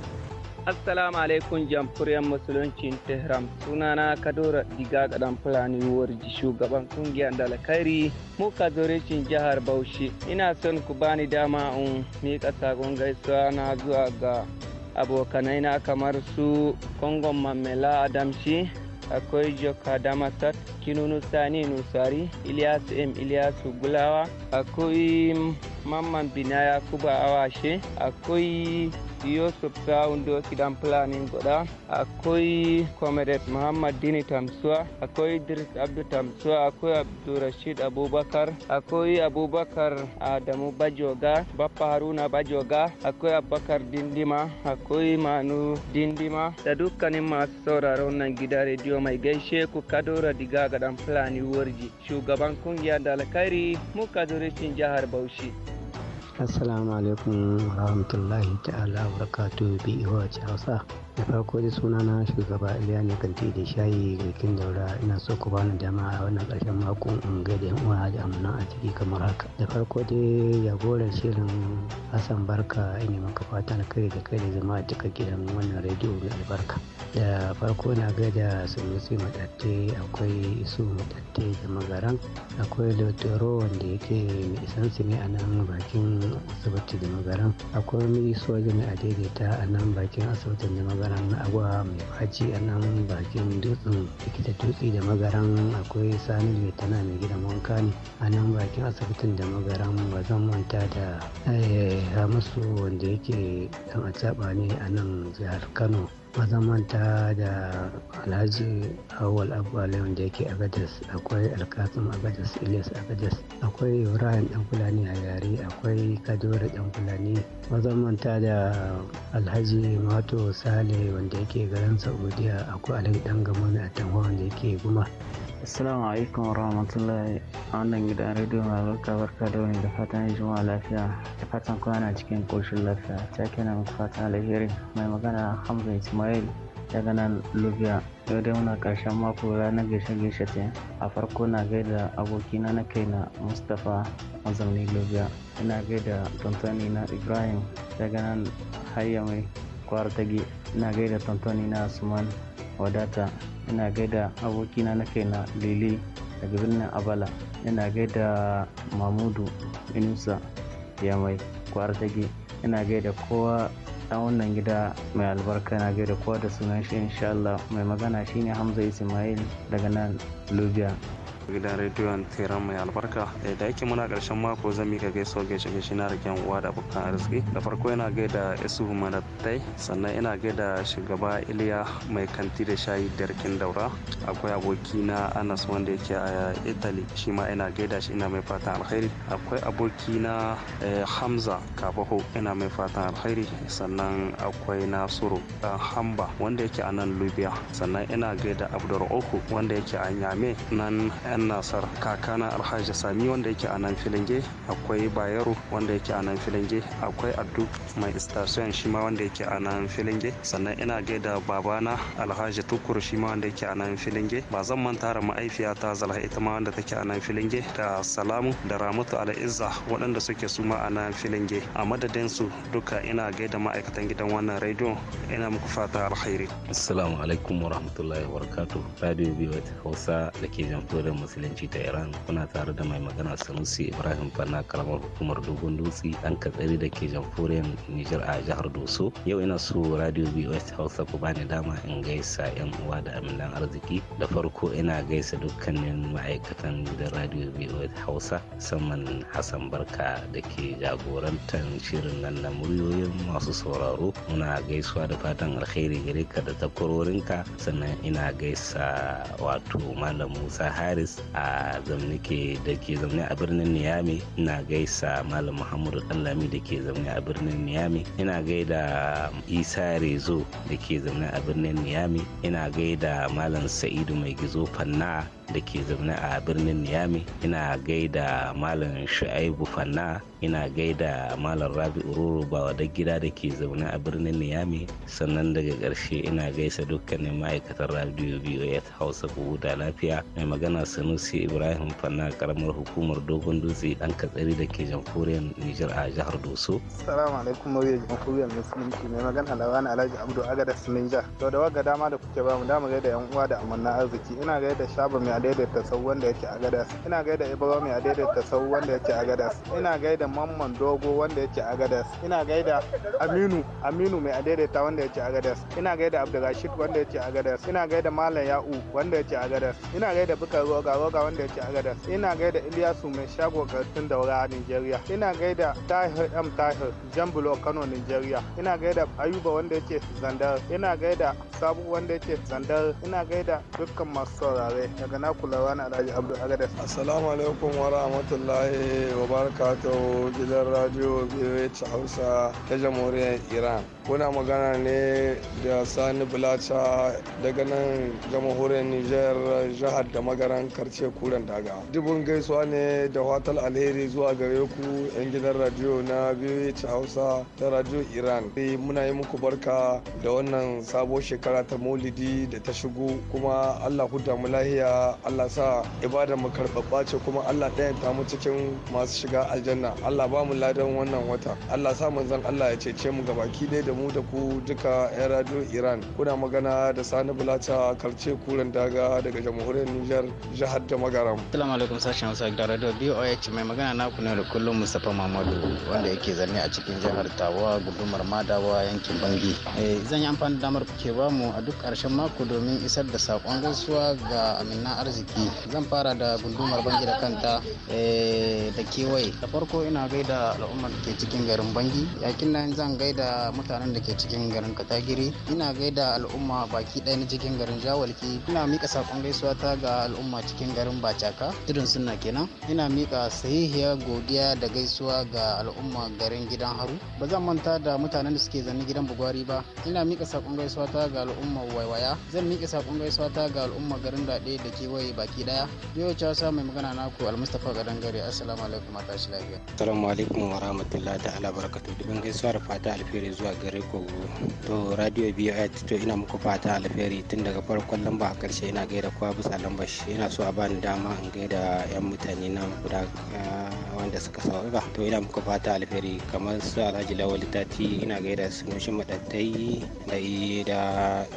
Assalamu alaikum jamhuriyar musuluncin Tehran sunana Kadora Diga Gadan Fulani Warji shugaban kungiyar Dalakari muka zorecin jihar Bauchi ina son ku bani dama in miƙa sakon gaisuwa na zuwa ga abokanai na kamar su Kongon Mamela Adamshi akwai joka damasat kinunu sani nusari ilyasu m ilyasu gulawa akwai mamman bina yakuba awashe akwai yusuf sawun doki dan fulani goda akwai comrade muhammad dini tamsuwa akwai idris abdu tamsuwa akwai Rashid abubakar akwai abubakar adamu bajoga bappa haruna bajoga akwai abubakar dindima akwai manu dindima da dukkanin masu sauraron nan gida rediyo mai gaishe ku kadora diga ga plani fulani warji shugaban kungiyar da alkhairi muka zuricin jihar bauchi assalamu alaikum warahmatullahi ta'ala barakatuhu bi iwaci e hausa da farko da suna na shugaba iliya ne kanti da shayi garkin daura ina so ku bani dama a wannan karshen mako in ga da uwa da amana a ciki kamar haka da farko dai jagoran shirin hassan barka ina maka fata na kai da kai da zama a duka gidan wannan rediyo mai albarka da farko na ga da sunusi matatte akwai isu matatte da magaran akwai lotero wanda yake mai su ne a nan bakin asibiti da magaran akwai mai soja mai a daidaita a nan bakin asibitin da magaran magaran agwa mai faci a nan bakin dutsen likita dutse da magaran akwai sani mai tana mai gidan wanka ne a nan bakin asibitin da magaran ba zan manta da eh, hamisu wanda yake dan a ne a nan jihar kano mazamanta da alhaji awal abu da yake agadas akwai alkasim agadas ilis agadas akwai ibrahim dan fulani a yare akwai kadore dan fulani mazamanta da alhaji mato sale wanda yake garin saudiya akwai alhaji dan gamon a tanwa wanda yake guma Assalamu alaikum wa rahmatullahi wannan gidan rediyo mai albarka barka da wani da fatan juma'a lafiya da fatan kwana cikin ƙoshin lafiya ta kenan muku fatan alheri mai magana hamza ismail daga nan lubiya yau dai muna karshen mako ranar gaishe gaishe ta a farko na gaida abokina na kaina mustapha mazauni lubiya ina gaida tantani na ibrahim daga nan hayya mai kwartage ina gaida tantani na suman wadata ina gaida abokina na na lele daga birnin abala ina gaida mamudu inusa ya mai kwar tage ina gaida kowa dan wannan gida mai albarka na gaida kowa da sunan shi insha mai magana shine Hamza Ismail daga nan Lubia gidan rediyon teran mai albarka eh, da yake muna karshen mako zan mika gaisuwa gaishe gaishe na rikin uwa da abokan arziki da farko ina gaida isu madattai sannan ina gaida shugaba iliya mai kanti da shayi da rikin daura akwai aboki na anas wanda yake a italy shi ma ina gaida shi ina mai fatan alkhairi akwai aboki na eh, hamza kabaho ina mai fatan alkhairi sannan akwai nasiru dan eh, hamba wanda yake a nan lubiya sannan ina gaida abdur'uku wanda yake a nyame nan yan nasar kakana alhaji sami wanda yake a nan filinge akwai bayero wanda yake a nan filinge akwai addu mai istasiyon shi ma wanda yake a nan filinge sannan ina gaida babana alhaji tukur shi ma wanda yake a nan filinge ba zan manta da ma'aifiyata zalha ita ma wanda take a nan filinge da salamu da ramatu al'izza waɗanda suke suma a nan filinge a madadin su duka ina gaida ma'aikatan gidan wannan rediyo ina muku fata alkhairi assalamu alaikum warahmatullahi wabarakatuh radio biyu hausa da ke jamfurin musulunci ta iran kuna tare da mai magana sanusi ibrahim fanna karamar hukumar dogon dutse dan katsari da ke jamhuriyar niger a jihar doso yau ina so radio bos hausa ku bani dama in gaisa yan uwa da nan arziki da farko ina gaisa dukkanin ma'aikatan gidan radio bos hausa musamman hassan barka da ke jagorantar shirin nan na muryoyin masu sauraro muna gaisuwa da fatan alkhairi gare ka da takwarorinka sannan ina gaisa wato malam musa haris a zamani ke da ke zaune a birnin Niyami ina gaisa Malam Muhammadu Dallami da ke zaune a birnin Niyami ina gaida Isa Rezo da ke zaune a birnin Niyami ina gaida Malam Sa'idu Mai Gizo Fanna da ke zaune a birnin Niyami ina gaida Malam Shu'aibu Fanna ina gaida Malam Rabi Ururu wa da gida da ke zaune a birnin Niyami sannan daga ƙarshe ina gaisa dukkanin ma'aikatan Radio BOS Hausa ku da lafiya mai magana Sanusi Ibrahim Fanna karamar hukumar Dogon Dutse dan katsari da ke jamhuriyar Nijar a jihar Doso. salamu alaikum mawuyar jamhuriyar Musulunci mai magana Lawan Alhaji Abdu Agada Suninja. To da waga dama da kuke ba mu mu gaida yan uwa da amanna arziki ina gaida Shaba mai daidaita sau wanda yake a gadas ina gaida ibrahim a daidaita sau wanda yake a gadas ina gaida mamman dogo wanda yake a gadas ina gaida aminu aminu mai a daidaita wanda yake a gadas ina gaida abdulrashid wanda yake a gadas ina gaida malam ya'u wanda yake a gadas ina gaida bukar roga roga wanda yake a gadas ina gaida iliyasu mai shago karfin daura a nigeria ina gaida tahir m tahir jambulo kano nigeria ina gaida ayuba wanda yake zandar ina gaida sabu wanda yake zandar ina gaida dukkan masu saurare daga na na kulawa na Alhaji Abdul Agadas. Assalamu alaikum wa rahmatullahi wa barakatuhu gidan radio BH Hausa ta Jamhuriyar Iran. Kuna magana ne da Sani Bulacha daga nan Jamhuriyar Nijar jihar da magaran karce kuren daga. Dubun gaisuwa ne da watal alheri zuwa gare ku 'yan gidan radio na BH Hausa ta radio Iran. E, muna yi muku barka da wannan sabo shekara ta Maulidi da ta shigo kuma Allah huda mu lahiya Allah sa ibadar mu karɓaɓɓa ce kuma Allah ɗaya ta mu cikin masu shiga aljanna Allah ba mu ladan wannan wata Allah sa manzon Allah ya cece mu gabaki dai da mu da ku duka 'yan radio Iran kuna magana da Sani Bulata Karce Kuren Daga daga jamhuriyar Nijar jihar da Magaram. Assalamu alaikum sashen Hausa da radio BOH mai magana naku ne da kullum Mustapha Mamadu wanda yake zanne a cikin jihar Tawa gudumar Madawa yankin Bangi. Eh, zan yi amfani da damar kuke mu a duk ƙarshen mako domin isar da saƙon gaisuwa ga Amina arziki zan fara da gundumar bangi da kanta eh, da kewaye da farko ina gaida al'ummar da ke cikin garin bangi yakin nan zan gaida mutanen da ke cikin garin katagiri ina gaida al'umma baki ɗaya na cikin garin jawalki ina mika sakon gaisuwa ta ga al'umma cikin garin bacaka tudun sunna kenan ina mika sahihiyar godiya da gaisuwa ga al'umma garin gidan haru ba zan manta da mutanen da suke zanne gidan bugwari ba ina mika sakon gaisuwa ta ga al'umma waiwaya zan mika sakon gaisuwa ta ga al'umma garin daɗe da ke biyoyi baki daya yau ta sa mai magana naku almustafa gadan gare assalamu alaikum a tashi lafiya assalamu alaikum wa rahmatullahi ta'ala barakatuh dubin gaisuwa da fata alfahari zuwa gare ku to radio a to ina muku fata alheri tun daga farkon lamba a karshe ina gaida kowa bisa lamba shi ina so a bani dama in gaida yan mutane na guda ah, wanda suka sauka to ina muku fata alheri kamar su alhaji lawal tati ina gaida su nushin madattai da da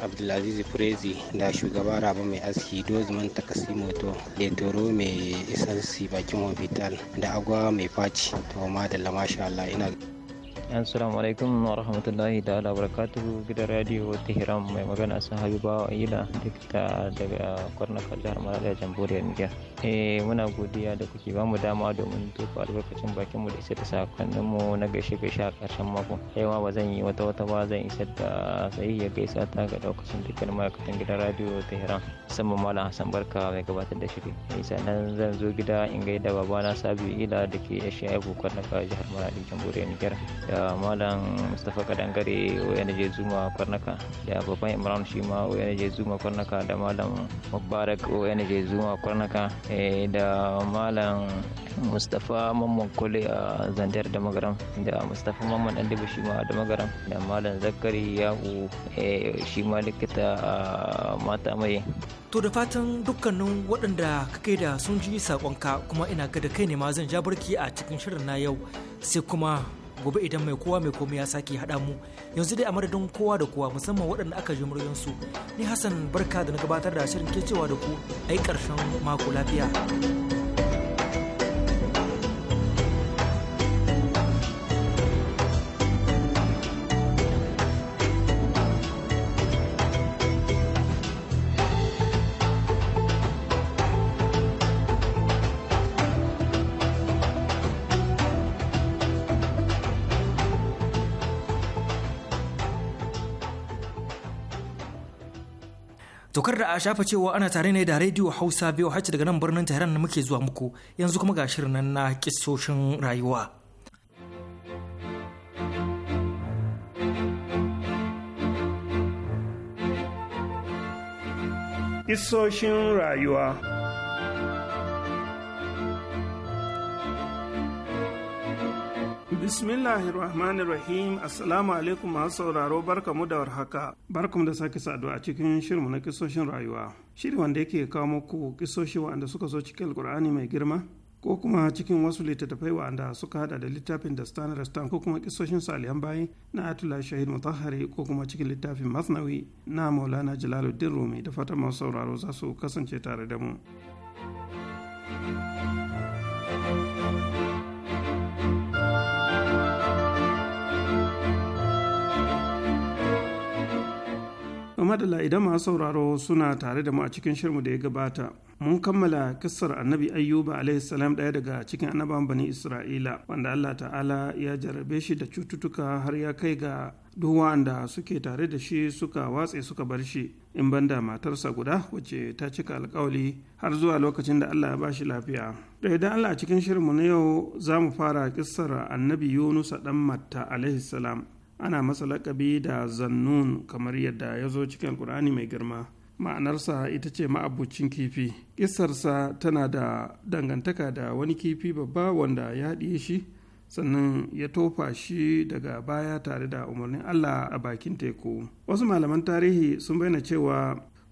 abdulaziz prezi da shugaba rabu mai aski dozman kasimoto letoro mai isansi bakin hospital da agwa mai faci to ma da lamasha Allah ina assalamu alaikum wa rahmatullahi ta'ala barakatuhu gidan radio tehran mai magana sun habiba ila dikta daga kwarnakar jihar malariya jamboriya niger eh muna godiya da kuke ba mu dama domin tofa albarkacin bakin mu da isa da sakonnin mu na gaishe gaishe a karshen mako yawa ma ba zan yi wata wata ba zan isa da sai ya gaisa ta ga daukacin dukkan ma'aikatan gidan radio tehran musamman malam hassan barka mai gabatar da shiri eh, sannan zan zo gida in gaida babana sabu ila da ke ya sha'ibu kwarnakar jihar malariya jamboriya niger da da malam mustapha kadangare je zuma kwarnaka da babban imran shi ma je zuma kwarnaka da malam mubarak je zuma kwarnaka eh, da malam mustapha mamman kole a zandar da magaram da mustapha mamman dan shi ma da magaram da malam zakari yahu eh, shi ma likita a mata mai to da fatan dukkanin waɗanda kai da sun ji saƙonka kuma ina ga da kai ne ma zan ja barki a cikin shirin na yau sai kuma gobe idan mai kowa mai komai ya sake haɗa mu yanzu dai a madadin kowa da kowa musamman waɗanda aka ji muryansu ni hassan barka da na gabatar da shirin ke da ku ai ƙarshen mako lafiya Tokar da a shafa cewa ana tare ne da rediyo Hausa biyu hacci daga nan birnin Tehran da muke zuwa muku yanzu kuma ga shirin nan na kisoshin rayuwa. Kisoshin rayuwa Bismillahi rahim Assalamu alaikum masu sauraro barkamu da warhaka. Barkamu da sake saduwa a cikin shirinmu na kisoshin rayuwa. Shiri wanda yake kawo muku kisoshi wanda suka zo cikin Alkur'ani mai girma ko kuma cikin wasu littattafai wanda suka hada da littafin da Stan Rastan ko kuma kisoshin salihan bayi na Atula Shahid Mutahari ko kuma cikin littafin Masnawi na Maulana Jalaluddin Rumi da fatan masu sauraro za su kasance tare da mu. madalla idan masu sauraro suna tare da mu a cikin shirmu da ya gabata mun kammala kissar annabi ayyuba alaihissalam ɗaya daga cikin annaban bani isra'ila wanda allah ta'ala ya jarabe shi da cututtuka har ya kai ga duk suke tare da shi suka watse suka bar shi in banda matarsa guda wacce ta cika alkawali har zuwa lokacin da allah ya ba shi lafiya da idan allah a cikin shirinmu na yau za mu fara kissar annabi yunusa dan matta alaihissalam ana masa laƙabi da zannun kamar yadda ya zo cikin alkur'ani mai girma ma'anarsa ita ce ma'abucin kifi Kisarsa tana da dangantaka da wani kifi babba wanda ya haɗiye shi sannan ya tofa shi daga baya tare da umarnin allah a bakin teku wasu malaman tarihi sun bayyana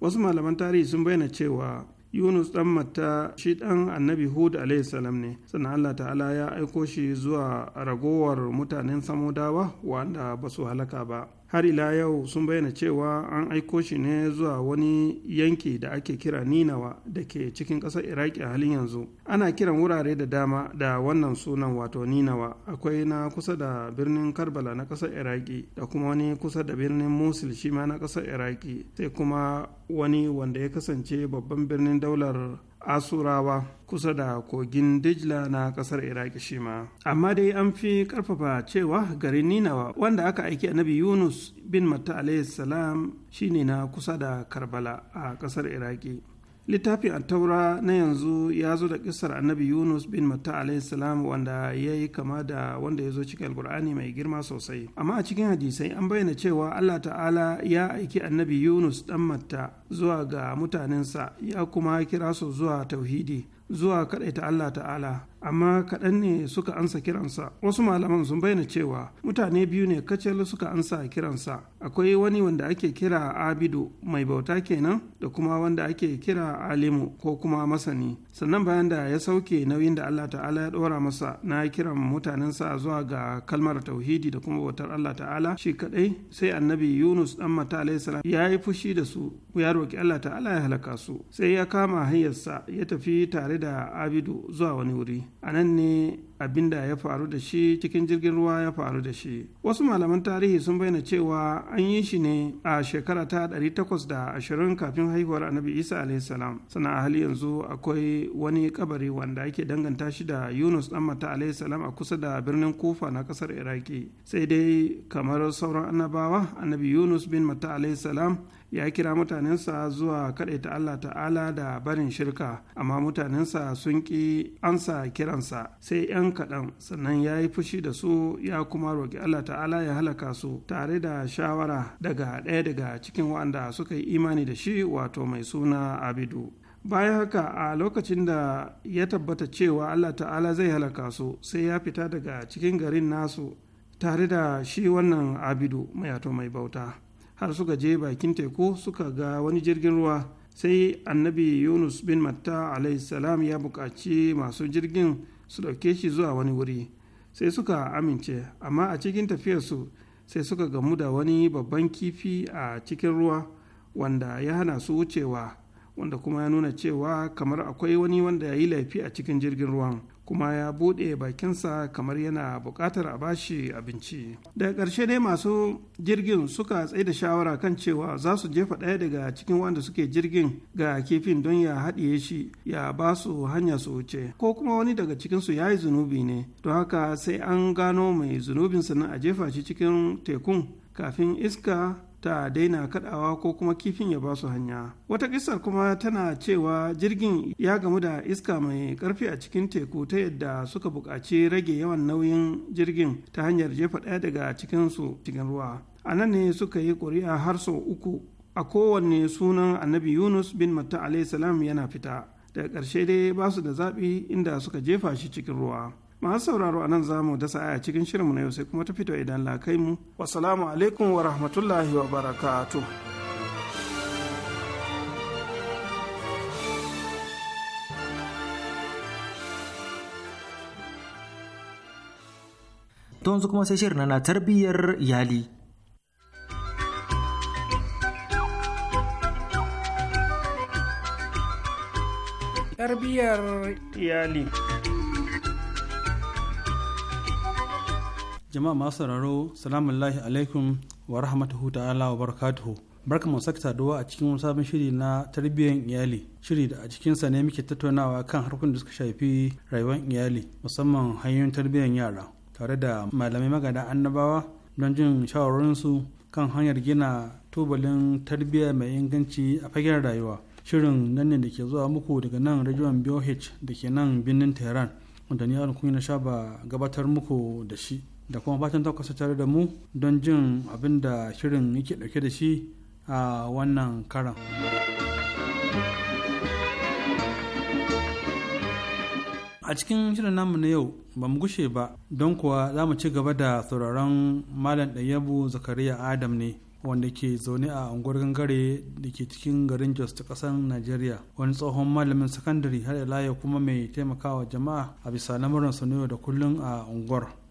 wasu malaman tarihi sun bayyana cewa yunus dan mata shi dan annabi hud alaihi salam ne sannan allah ta'ala ya aiko shi zuwa ragowar mutanen samudawa wanda ba su halaka ba har ila yau sun bayyana cewa an aiko shi ne zuwa wani yanki da ake kira ninawa da ke cikin ƙasar iraki a halin yanzu ana kiran wurare da dama da wannan sunan wato ninawa akwai na kusa da birnin karbala na ƙasar iraki da kuma wani kusa da birnin musul shi na ƙasar iraki sai kuma wani wanda ya kasance babban birnin daular asurawa kusa da kogin dijla na kasar iraki shi ma amma dai an fi karfafa cewa garin ninawa wanda aka aiki annabi yunus bin matta salam shine na kusa da karbala a kasar iraki littafin taura na yanzu ya zo da kisar annabi yunus bin matta alaihissalam wanda ya yi kama da wanda ya zo cikin alkur'ani mai girma sosai amma a cikin hadisai an bayyana cewa allah ta'ala ya aiki annabi yunus dan matta zuwa ga mutanensa ya kuma kira su zuwa tauhidi zuwa kaɗaita allah ta'ala amma kaɗan ne suka ansa kiransa wasu malaman sun bayyana cewa mutane biyu ne kacal suka ansa kiransa akwai wani wanda ake kira abidu mai bauta kenan da kuma wanda ake kira alimu ko kuma masani sannan bayan da ya sauke nauyin da allah ta'ala ya ɗora masa na kiran mutanensa zuwa ga kalmar tauhidi da kuma bautar allah ta'ala shi kaɗai sai annabi yunus ɗan mata alaihissalam ya yi fushi da su ya roƙi allah ta'ala ya halaka su sai ya kama hanyarsa ya tafi tare da abidu zuwa wani wuri a nan ne abin da ya faru da shi cikin jirgin ruwa ya faru da shi wasu malaman tarihi sun bayyana cewa an yi shi ne a shekara ta 820 kafin haihuwar annabi isa alaihissalam sana a hali yanzu akwai wani kabari wanda ake danganta shi da yunus dan mata alaihissalam a kusa da birnin kufa na kasar iraki sai dai kamar sauran annabawa annabi yunus bin mata alaihissalam ya kira mutanensa zuwa kaɗaita Allah ta'ala da barin shirka amma mutanensa sun ƙi ansa kiransa sai 'yan kaɗan sannan ya yi fushi da su ya kuma roƙi Allah ta'ala ya halaka su tare da shawara daga ɗaya daga cikin waɗanda suka yi imani da shi wato mai suna abidu bayan haka a lokacin da ya tabbata cewa Allah ta'ala zai halaka su sai ya fita daga cikin garin nasu tare da shi wannan abidu mai mai bauta har suka je bakin teku suka ga wani jirgin ruwa sai annabi yunus bin matta salam ya buƙaci masu jirgin su ɗauke shi zuwa wani wuri sai suka amince amma a cikin tafiyarsu sai suka gamu da wani babban kifi a cikin ruwa wanda ya hana su wucewa wanda kuma ya nuna cewa kamar akwai wani wanda ya yi laifi a cikin jirgin ruwan kuma ya buɗe bakinsa kamar yana buƙatar a bashi abinci Da ƙarshe dai masu jirgin suka tsaye da shawara kan cewa za su jefa ɗaya daga cikin wanda suke jirgin ga kifin don ya haɗiye shi ya ba su hanya su wuce ko kuma wani daga cikinsu ya yi zunubi ne don haka sai an gano mai zunubin sannan a jefa shi cikin tekun kafin iska ta daina kadawa ko kuma kifin ya basu hanya wata kisar kuma tana cewa jirgin ya gamu da iska mai karfi a cikin teku ta yadda suka buƙaci rage yawan nauyin jirgin ta hanyar jefa ɗaya daga cikinsu cikin ruwa a nan ne suka yi ƙuri'a har sau uku a kowanne sunan annabi yunus bin matta salam yana fita daga ƙarshe dai ba su da zaɓi inda suka jefa shi cikin ruwa masu sauraro a nan za mu dasa aya cikin shirinmu na yau sai kuma ta fito idan la kai mu wasalamu alaikum wa rahmatullahi wa barakatuh don su kuma sai shirin na tarbiyyar iyali. Tarbiyyar iyali. jama'a masu sauraro salamu alaihi alaikum wa rahmatuhu ta'ala wa barakatuhu barka mu sake saduwa a cikin sabon shiri na tarbiyyar iyali shiri da a cikinsa ne muke tattaunawa kan harkokin da suka shafi rayuwar iyali musamman hanyoyin tarbiyyar yara tare da malamai Magana annabawa don jin shawarorinsu kan hanyar gina tubalin tarbiyya mai inganci a fagen rayuwa shirin nan ne da ke zuwa muku daga nan rajiyon BOH da ke nan birnin Tehran wanda ni alkuni na sha gabatar muku da shi da kuma fatan ta tare da mu don jin abin da shirin yake dauke da shi a wannan karan. a cikin shirin namu na yau ba mu gushe ba don kuwa za mu ci gaba da sauraron malam ɗayyabu zakariya adam ne wanda ke zaune a unguwar gangare da ke cikin garin jos ta ƙasar najeriya wani tsohon malamin sakandare har ila kuma mai taimakawa jama'a a bisa lamuran yau da kullum a unguwar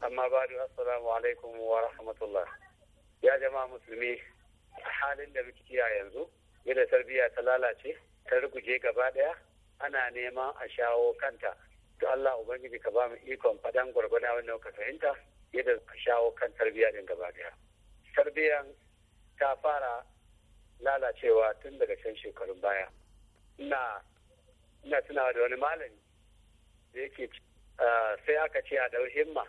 amma ba da assalamu alaikum wa rahmatullah ya jama'a musulmi a halin da muke a yanzu yadda tarbiyya ta lalace ta ruguje gaba daya ana neman a shawo kanta to Allah ubangiji ka ba mu ikon fadan gwargwada wanda ka fahimta yadda ka shawo kan tarbiyya din gaba daya tarbiyyan ta fara lalacewa tun daga can shekarun baya ina ina tunawa da wani malami da yake sai aka ce a dau himma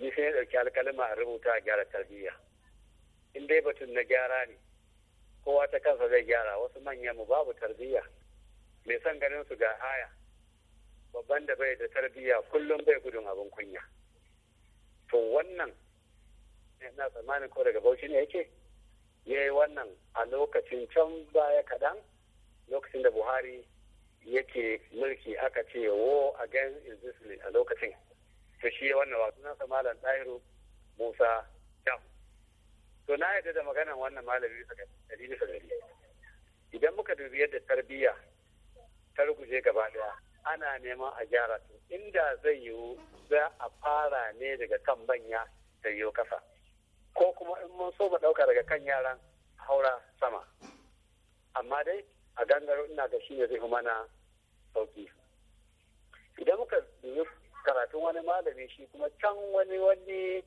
ni sai ya ɗauki alkalima a rubuta a gyara tarbiyya in dai batun na gyara ne kowa ta kansa zai gyara wasu manyan mu babu tarbiyya mai son ganin su ga haya babban da bai da tarbiyya kullum bai gudun abin kunya to wannan na tsammanin ko daga bauchi ne yake ya yi wannan a lokacin can baya kaɗan lokacin da buhari yake mulki aka ce wo against is this a lokacin to shi wannan wasu nasa malam ɗahiru musa jam to na yadda da maganan wannan malami bisa gari bisa gari idan muka dubi yadda tarbiyya ta ruguje gaba daya ana neman a gyara su. inda zai yiwu za a fara ne daga kan banya da yiwu kasa ko kuma in mun so mu ɗauka daga kan yaran haura sama amma dai a gangaro ina ga shi ne zai fi mana sauki idan muka dubi karatun wani malami shi kuma can wani wani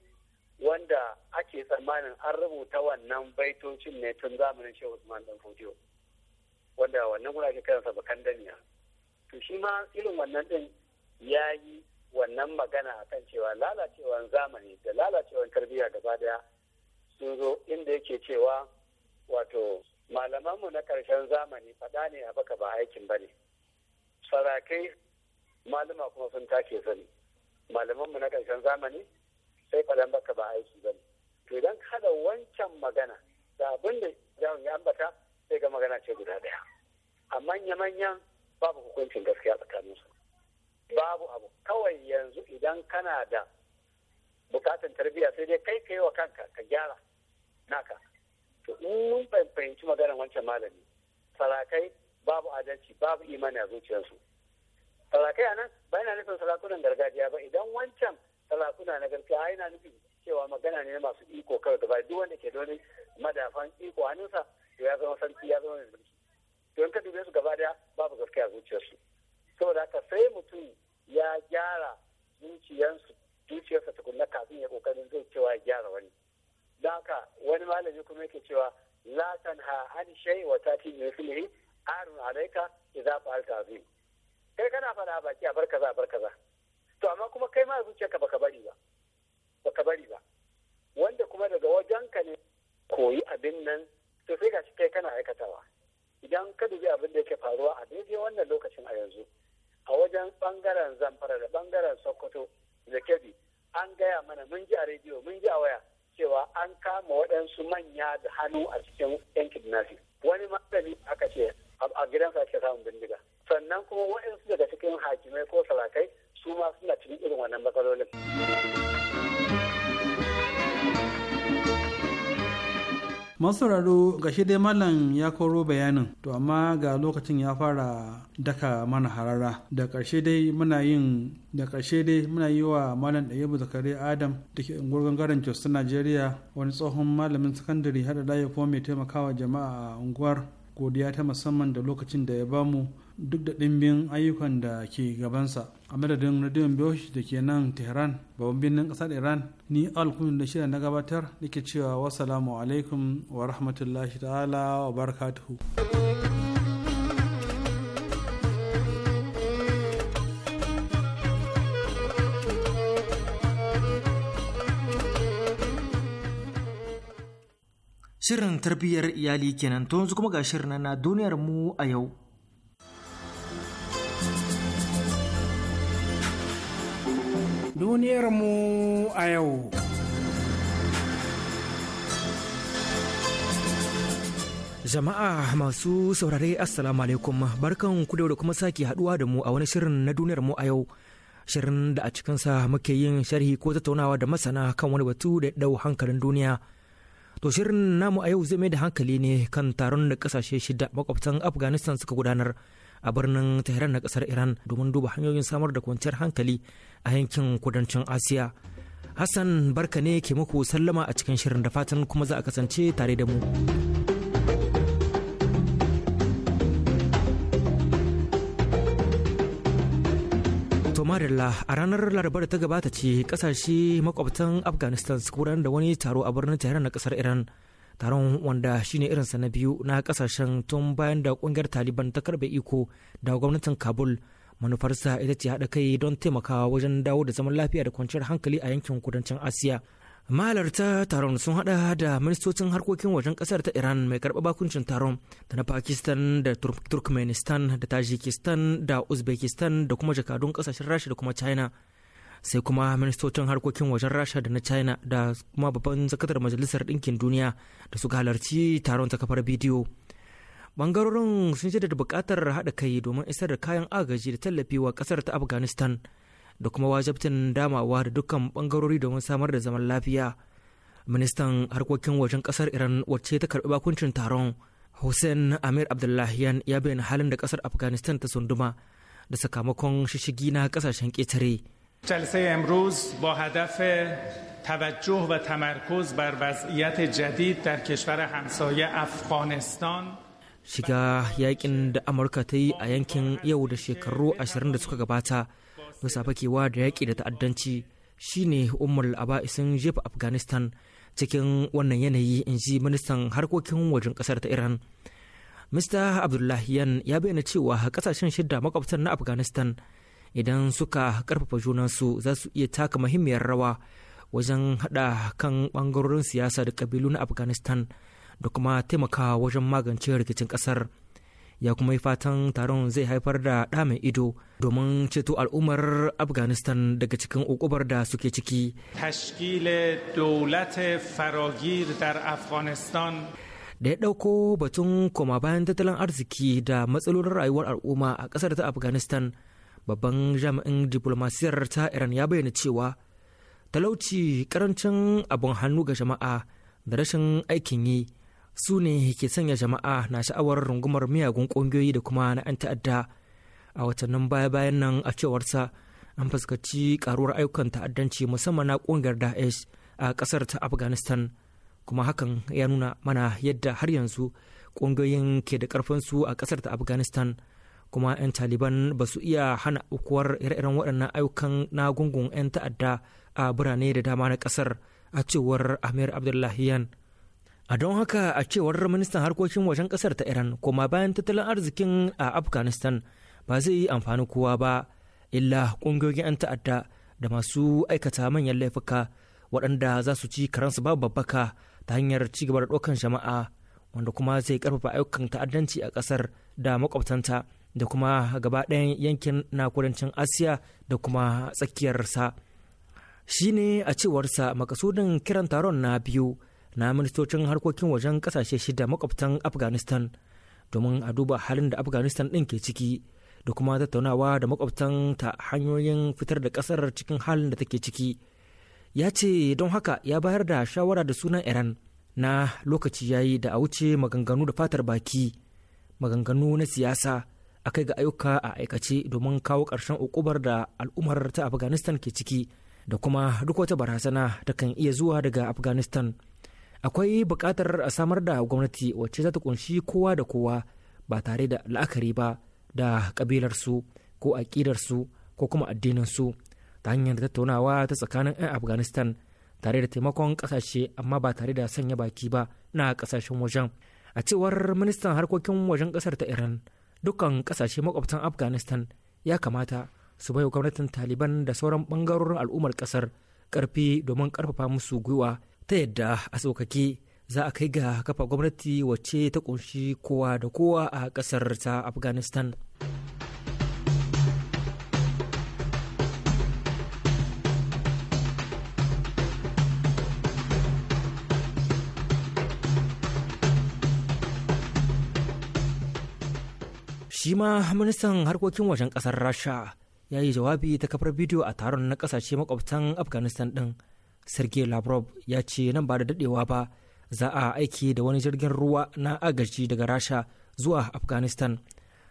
wanda ake tsammanin an rubuta wannan baitocin ne tun zamanin shehu usman dan fodiyo wanda wannan kuna ake karanta bakan daniya to shi ma irin wannan din ya yi wannan magana a kan cewa lalacewan zamani da lalacewan tarbiyya gaba daya sun zo inda yake cewa wato malamanmu na karshen zamani faɗa ne a baka ba aikin ba ne sarakai malama kuma sun take sani malamanmu na ƙarshen zamani sai faɗan baka ba aiki ba ne to idan kada wancan magana da abin da ya ambata sai ga magana ce guda ɗaya a manya-manyan babu hukuncin gaskiya tsakaninsu babu abu kawai yanzu idan kana da bukatan tarbiyya sai dai kai ka yi wa kanka ka gyara naka to in mun fahimci maganar wancan malami sarakai babu adalci babu imani a zuciyarsu Salatai anan nan ba yana nufin salatunan gargajiya ba idan wancan sarakuna na gargajiya yana nufin cewa magana ne masu iko kawai ba duk wanda ke doni madafan iko hannunsa to ya zama sarki ya zama mai mulki don ka dube su gaba daya babu gaskiya zuciyarsu saboda haka sai mutum ya gyara zuciyarsu zuciyarsa tukunna kafin ya kokarin zai cewa ya gyara wani don haka wani malami kuma yake cewa la tanha an shay wa tati bi mithlihi arun alayka idza fa'alta azim kai kana faɗa baki a bar kaza a bar kaza to amma kuma kai ma zuciyarka baka bari ba baka bari ba wanda kuma daga wajen ka ne koyi abin nan to sai gashi kai kana aikatawa idan ka dubi abin da yake faruwa a daidai wannan lokacin a yanzu a wajen bangaren zamfara da bangaren sokoto da kebi an gaya mana mun ji a rediyo mun ji a waya cewa an kama waɗansu manya da hannu a cikin yan nasi wani malami aka ce a gidansa ake samun bindiga sannan kuma waɗansu daga cikin hakimai ko sarakai su ma suna cikin irin wannan matsalolin. masauraro ga shi dai malam ya koro bayanin to amma ga lokacin ya fara daka mana harara da karshe dai muna yin da ƙarshe dai muna yi wa malam yabu zakari adam da ke unguwar garin jos ta najeriya wani tsohon malamin sakandare hada layi kuma mai taimakawa jama'a a unguwar godiya ta musamman da lokacin da ya bamu duk da ɗimbin ayyukan da ke gabansa a madadin radiyon biyosh da ke nan tehran babban birnin ƙasar iran ni alkunin da shida na gabatar nake cewa wasalamu alaikum wa rahmatullahi ta'ala wa barakatuhu Shirin tarbiyyar iyali kenan to yanzu kuma ga shirin na duniyar mu a yau. duniyarmu a yau. Jama'a masu saurare Assalamu alaikum barkan ku da kuma sake haduwa da mu a wani shirin na duniyar mu a yau. Shirin da a cikinsa muke yin sharhi ko tattaunawa da masana kan wani batu da dau hankalin duniya. To shirin namu a yau zai mai da hankali ne kan taron da kasashe shida makwabtan Afghanistan suka gudanar a birnin Tehran na kasar Iran domin duba hanyoyin samar da kwanciyar hankali a yankin kudancin asiya hassan barka ne ke muku sallama a cikin shirin da fatan kuma za a kasance tare da mu Somalia a ranar larabar da ta gabata ce kasashe makwabtan Afghanistan su kuran da wani taro a birnin Tehran na kasar Iran. Taron wanda shine irinsa na biyu na kasashen tun bayan da kungiyar Taliban ta karbe iko da gwamnatin Kabul manufarsa ita ce haɗa kai don taimakawa wajen dawo da zaman lafiya da kwanciyar hankali a yankin kudancin asiya mahalarta taron sun haɗa da ministocin harkokin wajen kasar ta iran mai karɓa bakuncin taron da na pakistan da turkmenistan da tajikistan da uzbekistan da kuma jakadun kasashen rasha da kuma china sai kuma ministocin harkokin wajen rasha da na china da kuma babban zakatar majalisar ɗinkin duniya da suka halarci taron ta kafar bidiyo bangarorin sun shirya da bukatar haɗa kai domin isar da kayan agaji da tallafi wa ƙasar ta afghanistan da kuma wajabtin damawa da dukkan bangarori domin samar da zaman lafiya ministan harkokin wajen ƙasar iran wacce ta karɓi bakuncin taron hussein amir abdullahiyan ya bayyana halin da ƙasar afghanistan ta sunduma da sakamakon shishigi na ƙasashen ƙetare جلسه امروز با هدف توجه و تمرکز بر وضعیت جدید در کشور همسایه افغانستان shiga yakin da amurka ta yi a yankin yau da shekaru ashirin da suka gabata bisa fakewa da yaƙi da ta'addanci shine umar aba'isin jefa afghanistan cikin wannan yanayi in ji ministan harkokin wajen ƙasar ta iran mista abdullahiyan ya bayyana cewa kasashen shidda makwabtan na afghanistan idan suka karfafa junansu za su iya taka muhimmiyar rawa wajen haɗa kan bangarorin siyasa da kabilu na afghanistan da kuma taimakawa wajen magance rikicin kasar ya kuma yi fatan taron zai haifar da ɗa mai ido domin ceto al'ummar afghanistan daga cikin ukubar da suke ciki da ya ɗauko batun koma bayan tattalin arziki da matsalolin rayuwar al'umma a ƙasar ta afghanistan babban jami'in diplomasiyar ta iran ya bayyana cewa talauci karancin abin hannu ga jama'a da rashin aikin yi su ne ke sanya jama'a na sha'awar rungumar miyagun ƙungiyoyi da kuma na 'yan ta'adda a watannin baya-bayan nan a cewarsa an fuskaci karuwar ayyukan ta'addanci musamman na ƙungiyar da'ish a ƙasar ta afghanistan kuma hakan ya nuna mana yadda har yanzu ƙungiyoyin ke da ƙarfinsu a ƙasar ta afghanistan kuma 'yan taliban ba su iya hana ukuwar ire-iren waɗannan ayyukan na gungun 'yan ta'adda a birane da dama na ƙasar a cewar amir abdullahiyan a don haka a cewar ministan harkokin wajen kasar ta iran kuma bayan tattalin arzikin a afghanistan ba zai yi amfani kowa ba illa ƙungiyoyin 'yan ta'adda da masu aikata manyan laifuka waɗanda za su ci karansu babu babbaka ta hanyar ci gaba da ɗaukan jama'a wanda kuma zai karfafa ayyukan ta'addanci a ƙasar da makwabtanta da kuma gaba ɗayan yankin na kudancin asiya da kuma tsakiyarsa shi ne a cewarsa makasudin kiran taron na biyu na ministocin harkokin wajen kasashe shida makwabtan afghanistan domin a duba halin da afghanistan ɗin ke ciki da kuma tattaunawa da makwabtan ta hanyoyin fitar da ƙasar cikin halin da take ciki ya ce don haka ya bayar da shawara da sunan iran na lokaci yayi da a wuce maganganu da fatar baki maganganu na siyasa a kai ga ayyuka a aikace domin kawo ƙarshen ukubar da al'ummar ta afghanistan ke ciki da kuma duk wata barazana da kan iya zuwa daga afghanistan akwai buƙatar a samar da gwamnati wacce za ta kunshi kowa da kowa ba tare da la'akari ba da ƙabilarsu ko aƙidarsu ko kuma addininsu ta hanyar tattaunawa ta tsakanin 'yan afghanistan tare da taimakon ƙasashe amma ba tare da sanya baki ba na ƙasashen wajen a cewar ministan harkokin wajen ƙasar ta iran dukkan ƙasashe makwabtan afghanistan ya kamata su baiwa gwamnatin taliban da sauran bangarorin al'ummar ƙasar ƙarfi domin ƙarfafa musu gwiwa ta yadda a saukake za a kai ga kafa gwamnati wacce ta kunshi kowa da kowa a kasar ta afghanistan shi ma ministan harkokin wajen kasar rasha ya yi jawabi ta kafar bidiyo a taron na kasashe makwabtan afghanistan din sergei lavrov ya ce nan ba da dadewa ba za a aiki da wani jirgin ruwa na agaji daga rasha zuwa afghanistan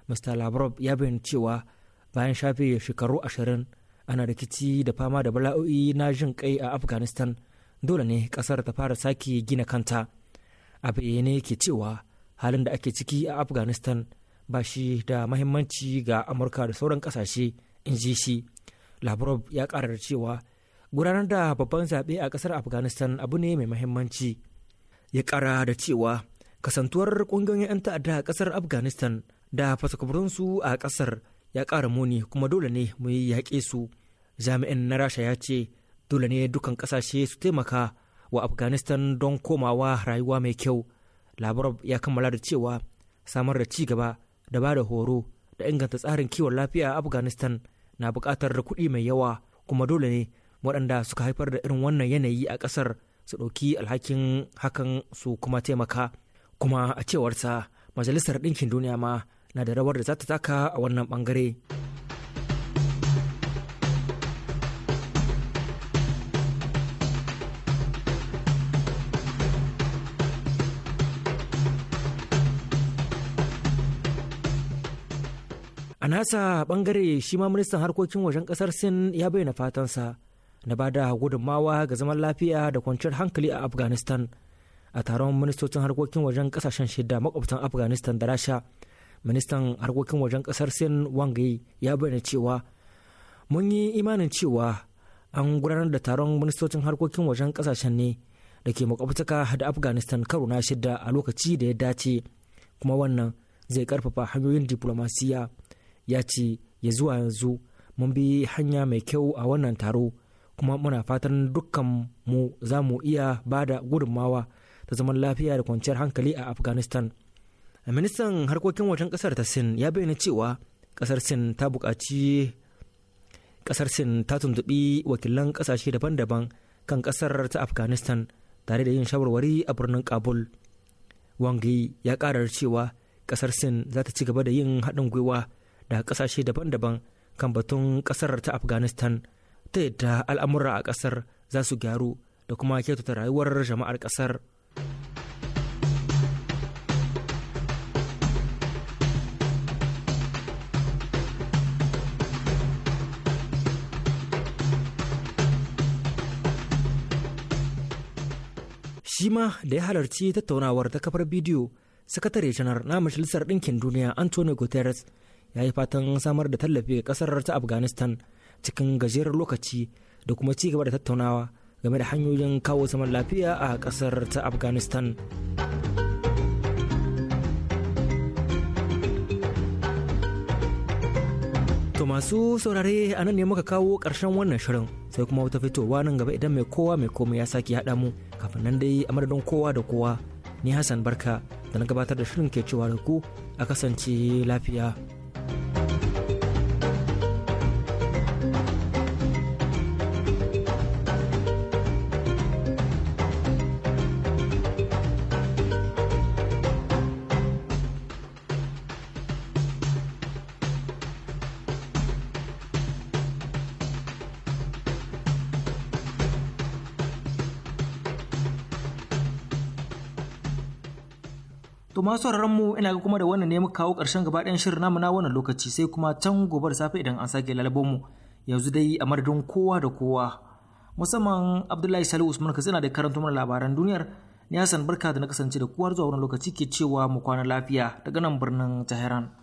mr lavrov ya bayyana cewa bayan shafe shekaru ashirin ana rikici da fama da bala'o'i na jin kai a afghanistan dole ne kasar ta fara sake gina kanta a bayyane ke cewa halin da ake ciki a afghanistan ba shi da mahimmanci ga amurka da sauran kasashe in ji shi lavrov ya karar cewa gudanar da babban zaɓe a ƙasar afghanistan abu ne mai mahimmanci ya ƙara da cewa kasantuwar ƙungiyoyin 'yan ta'adda a ƙasar afghanistan da su a ƙasar ya ƙara muni kuma dole ne mu yi yaƙe su jami'in na rasha ya ce dole ne dukkan ƙasashe su taimaka wa afghanistan don komawa rayuwa mai kyau labarab ya kammala da cewa samar da ci gaba da ba da horo da inganta tsarin kiwon lafiya a afghanistan na buƙatar kuɗi mai yawa kuma dole ne waɗanda suka haifar da irin wannan yanayi a ƙasar su ɗauki alhakin hakan su kuma taimaka kuma a cewarsa majalisar ɗinkin duniya ma na da rawar da za ta taka a wannan ɓangare. A nasa bangare shi ma ministan harkokin wajen ƙasar Sin ya bayyana fatansa na ba da gudunmawa ga zaman lafiya da kwanciyar hankali a afghanistan a taron ministocin harkokin wajen kasashen shida makwabtan afghanistan da rasha ministan harkokin wajen kasar sin wang ya bayyana cewa mun yi imanin cewa an gudanar da taron ministocin harkokin wajen kasashen ne da ke makwabtaka da afghanistan karo na shida a lokaci da ya dace kuma wannan zai karfafa hanyoyin diplomasiya ya ce ya zuwa yanzu mun bi hanya mai kyau a wannan taro kuma muna fatan dukkan mu za mu iya ba da gudunmawa ta zaman lafiya da kwanciyar hankali a afghanistan ministan harkokin wajen kasar ta sin ya bayyana cewa kasar sin ta buƙaci kasar sin ta tuntuɓi wakilan ƙasashe daban-daban kan kasar ta afghanistan tare da yin shawarwari a birnin kabul wangi ya karar cewa kasar sin za ta ci gaba da yin haɗin gwiwa da ƙasashe daban-daban kan batun kasar ta afghanistan ta yadda al'amura a ƙasar za su gyaru da kuma kyautata rayuwar jama'ar ƙasar. shi ma da ya halarci tattaunawar ta kafar bidiyo sakatare janar na majalisar ɗinkin duniya antonio guterres ya yi fatan samar da tallafi ga ƙasar ta afghanistan cikin gajeren lokaci da kuma ci gaba da tattaunawa game da hanyoyin kawo zaman lafiya a ƙasar ta afghanistan To masu saurare a nan ne muka kawo ƙarshen wannan shirin sai kuma wata fitowa nan gaba idan mai kowa mai komai ya sake haɗa mu kafin nan dai a madadin kowa da kowa ni Hassan Barka da na gabatar da shirin ke cewa da ku a kasance lafiya. To masu mu ina ga kuma da wannan ne muka kawo ƙarshen gaba ɗayan shirin namu na wannan lokaci sai kuma can gobe da safe idan an sake lalabon mu yanzu dai a madadin kowa da kowa. Musamman Abdullahi Salihu Usman Katsina da karanto mana labaran duniyar ni Hassan Barka da na kasance da kowa zuwa wani lokaci ke cewa mu kwana lafiya daga nan birnin Tehran.